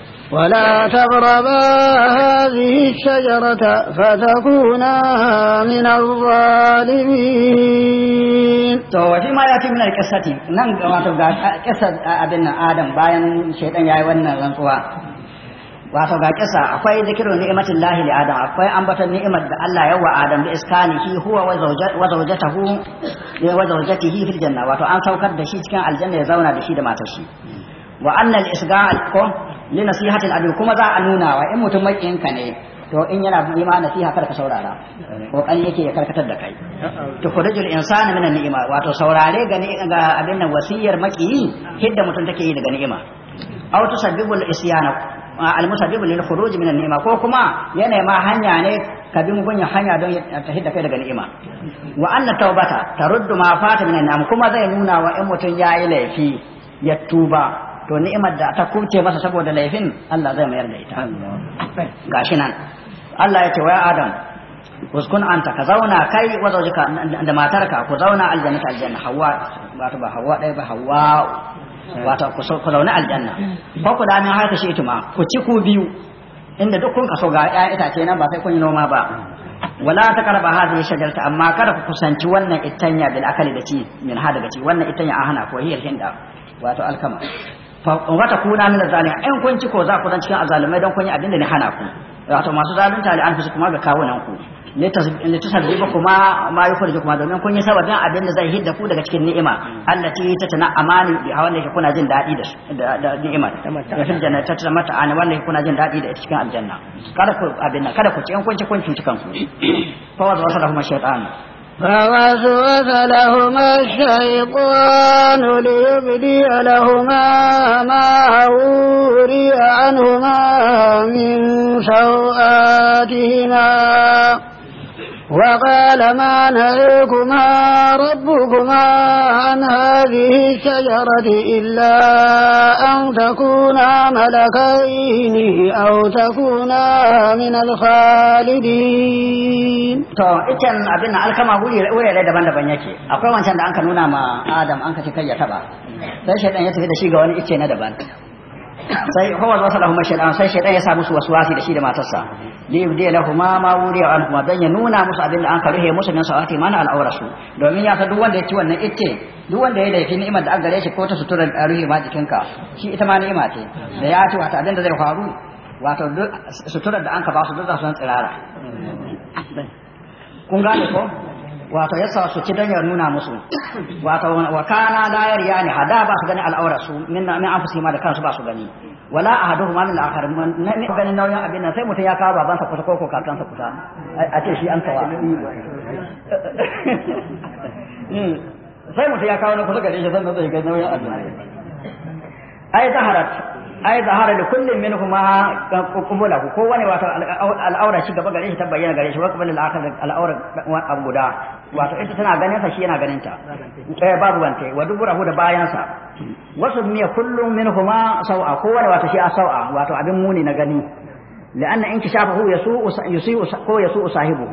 ولا تقربا هذه الشجرة فتكونا من الظالمين to wafi ma ya ce min alƙasati nan ga wato ga ƙasar abin nan adam bayan shaidan yayi wannan rantsuwa wato ga ƙasa akwai zikirun ni'imatin lahi li adam akwai ambaton ni'imar da Allah yawa adam da iskanihi huwa wa zawjatahu wa zawjatihi fil janna wato an saukar da shi cikin aljanna ya zauna da shi da matar shi wa annal isga'a ko li nasihati al kuma za a nuna wa in mutum makiyinka ne to in yana yi ma nasiha kar ka saurara kokari yake ya karkatar da kai to khurujul insani min ni'ima wato saurare ga ga abin nan wasiyar makiyi hidda mutum take yi daga ni'ima aw tusabbibul isyana al musabbibul lil khuruj min ni'ima ko kuma yana ma hanya ne ka bi mugunya hanya don ta hidda kai daga ni'ima wa anna taubata taruddu ma fata minan ni'am kuma zai nuna wa in mutum yayi laifi ya tuba to ni'imar da ta kuce masa saboda laifin Allah zai mayar da ita gashi nan Allah ya ce wa Adam uskun anta ka zauna kai wa zaujika da matarka ku zauna aljanna aljanna hawa wato ba hawa dai ba hawa wato ku zauna aljanna ko ku da min haka shi ituma ku ci ku biyu inda duk kun kaso ga ya itace nan ba sai kun yi noma ba wala ta karba ya shajarata amma kada ku kusanci wannan itanya bil akali da ci min ha daga ci wannan itanya a hana ko hiyar hinda wato alkama Fa ta kuna min zalim in kun ci ko za ku zan cikin azalimai don kun yi abin da ni hana ku wato masu zalunta li anfusu kuma ga kawunan ku ne ba kuma ma yukhriju kuma domin kun yi sababin abin da zai hidda ku daga cikin ni'ima allati tatana amani bi hawan da kuna jin dadi da ni'ima da fil janna tatana mata an wannan kuna jin dadi da cikin aljanna kada ku abin kada ku ci in kun ci kun cuci kanku fa wa da kuma shaytan فوسوس لهما الشيطان ليبدي لهما ما أوري عنهما من سوآتهما وقال ما نهيكما ربكما عن هذه الشجرة إلا أن تكونا ملكين أو تكونا من الخالدين to itan abin alkama wurare daban-daban yake akwai wancan da anka nuna ma Adam an ka kai ya taba sai shaidan ya tafi da shi ga wani ice na daban sai fa wasu lahum shaytan sai shaytan ya sa musu waswasi da shi da matarsa li yubdi lahum ma wuri an kuma dan ya nuna musu abin da an karuhe musu nan sa'ati mana al'aurasu domin ya ta duk wanda ya ci wannan ice duk wanda ya yake ni'imar da an gare shi ko ta sutura da ruhi ma jikinka shi ita ma ni'ima ce da ya ci wata abin da zai faru wato suturar da an ka ba su duk za su tsirara kun gane ko wato ya sa su ci don ya nuna musu wato wa kana ne hada ba su gani al'aura su min min ma da kansu ba su gani wala ma min al-akhar ne ganin nauyin abin nan sai mutum ya kawo babansa kusa ko kakansa kusa a ce shi an kawa hmm. sai mutum ya kawo na kusa gare shi sannan zai ga nauyin abin ai zaharat ai zahara da kullum min kuma kubula ko wani wato al'aura shi gaba gare shi ta bayyana gare shi wa kuma al'akhir al'aura abu guda wato ita tana ganin sa shi yana ganin ta eh babu wante wa duburahu da bayan sa wasu miya kullum minhuma sau'a kowane wato shi a wato abin muni na gani la'anna in kishafahu yasu yusi ko yasu sahibu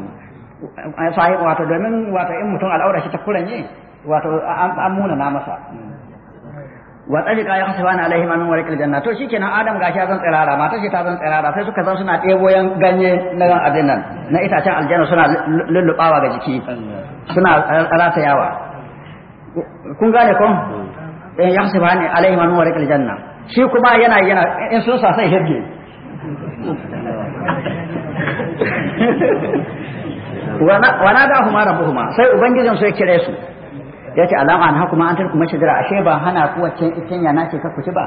eh, wato domin wato in mutum al'aura shi ta kuranye wato an muna na masa wa tsajiqa ya hasabana alaihim min warqil janna to shikenan adam gashi zan tsirara mata shi ta zan tsirara sai suka zan suna ɗebo yan ganye na abin nan na itacen aljanna suna lullubawa ga jiki suna yawa kun gane ko in eh, ya hasabana alaihim min warqil janna shi kuma yana yana in sun sa sai hirge wa na da huma rabbuhuma sai ubangijin sai kire su ya ce alama an haku ma an tarku mashajara ashe ba hana ku wacce itin na ce ka kuci ba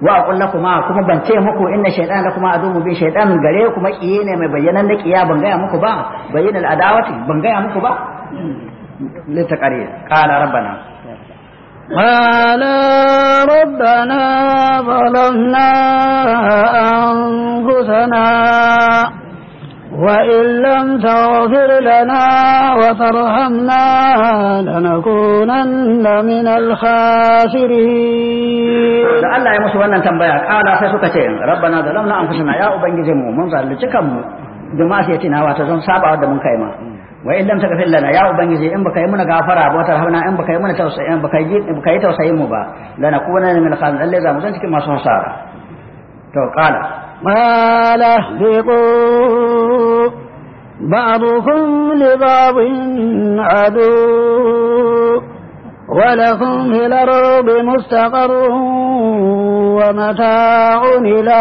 wa a lakuma ah, kuma ban ce muku inna kuma a adumu bin shaidan gare ku makiye ne mai bayyanan da kiya ban gaya muku ba bayyanal adawati ban gaya muku ba lita kare qala rabbana قال ربنا ظلمنا أنفسنا وإن لم تغفر لنا وترحمنا لنكونن من الخاسرين da Allah ya musu wannan tambaya kala sai suka ce أنفسنا يا anfusana ya من mu mun zalunci kanmu da ma sai tina zan mun kai ma wa in lam taghfir lana ya ubangije in baka yi muna gafara ba tarhamna in baka yi muna tausayi in baka yi baka yi tausayin mu ba lanakunanna min lalle za mu cikin masu hasara to قال اهبطوا بعضكم لبعض عدو ولكم في الأرض مستقر ومتاع إلى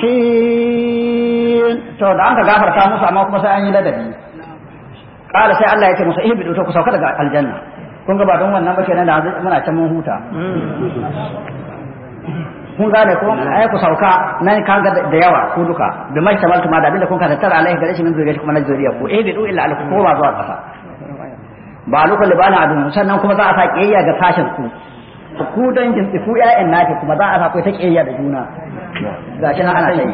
حين to da anka gafarta musu amma kuma sai an yi ladabi kala sai Allah ya ce musu ihbidu to ku sauka daga aljanna kun ga ba don wannan ba kenan da mun huta mm. kun gane ko mm. ai ku sauka nan kan ga da yawa ku duka da mai tamaltu ma da abinda kun ka tattara alai gare shi min zuriya kuma na zuriya ku eh bidu illa alku ba zuwa kasa ba luka libana adun sannan kuma za a sa kiyayya ga sashen ku ku jin ku ƴaƴan naki kuma za a sa ku ta kiyayya da juna gashi nan ana sai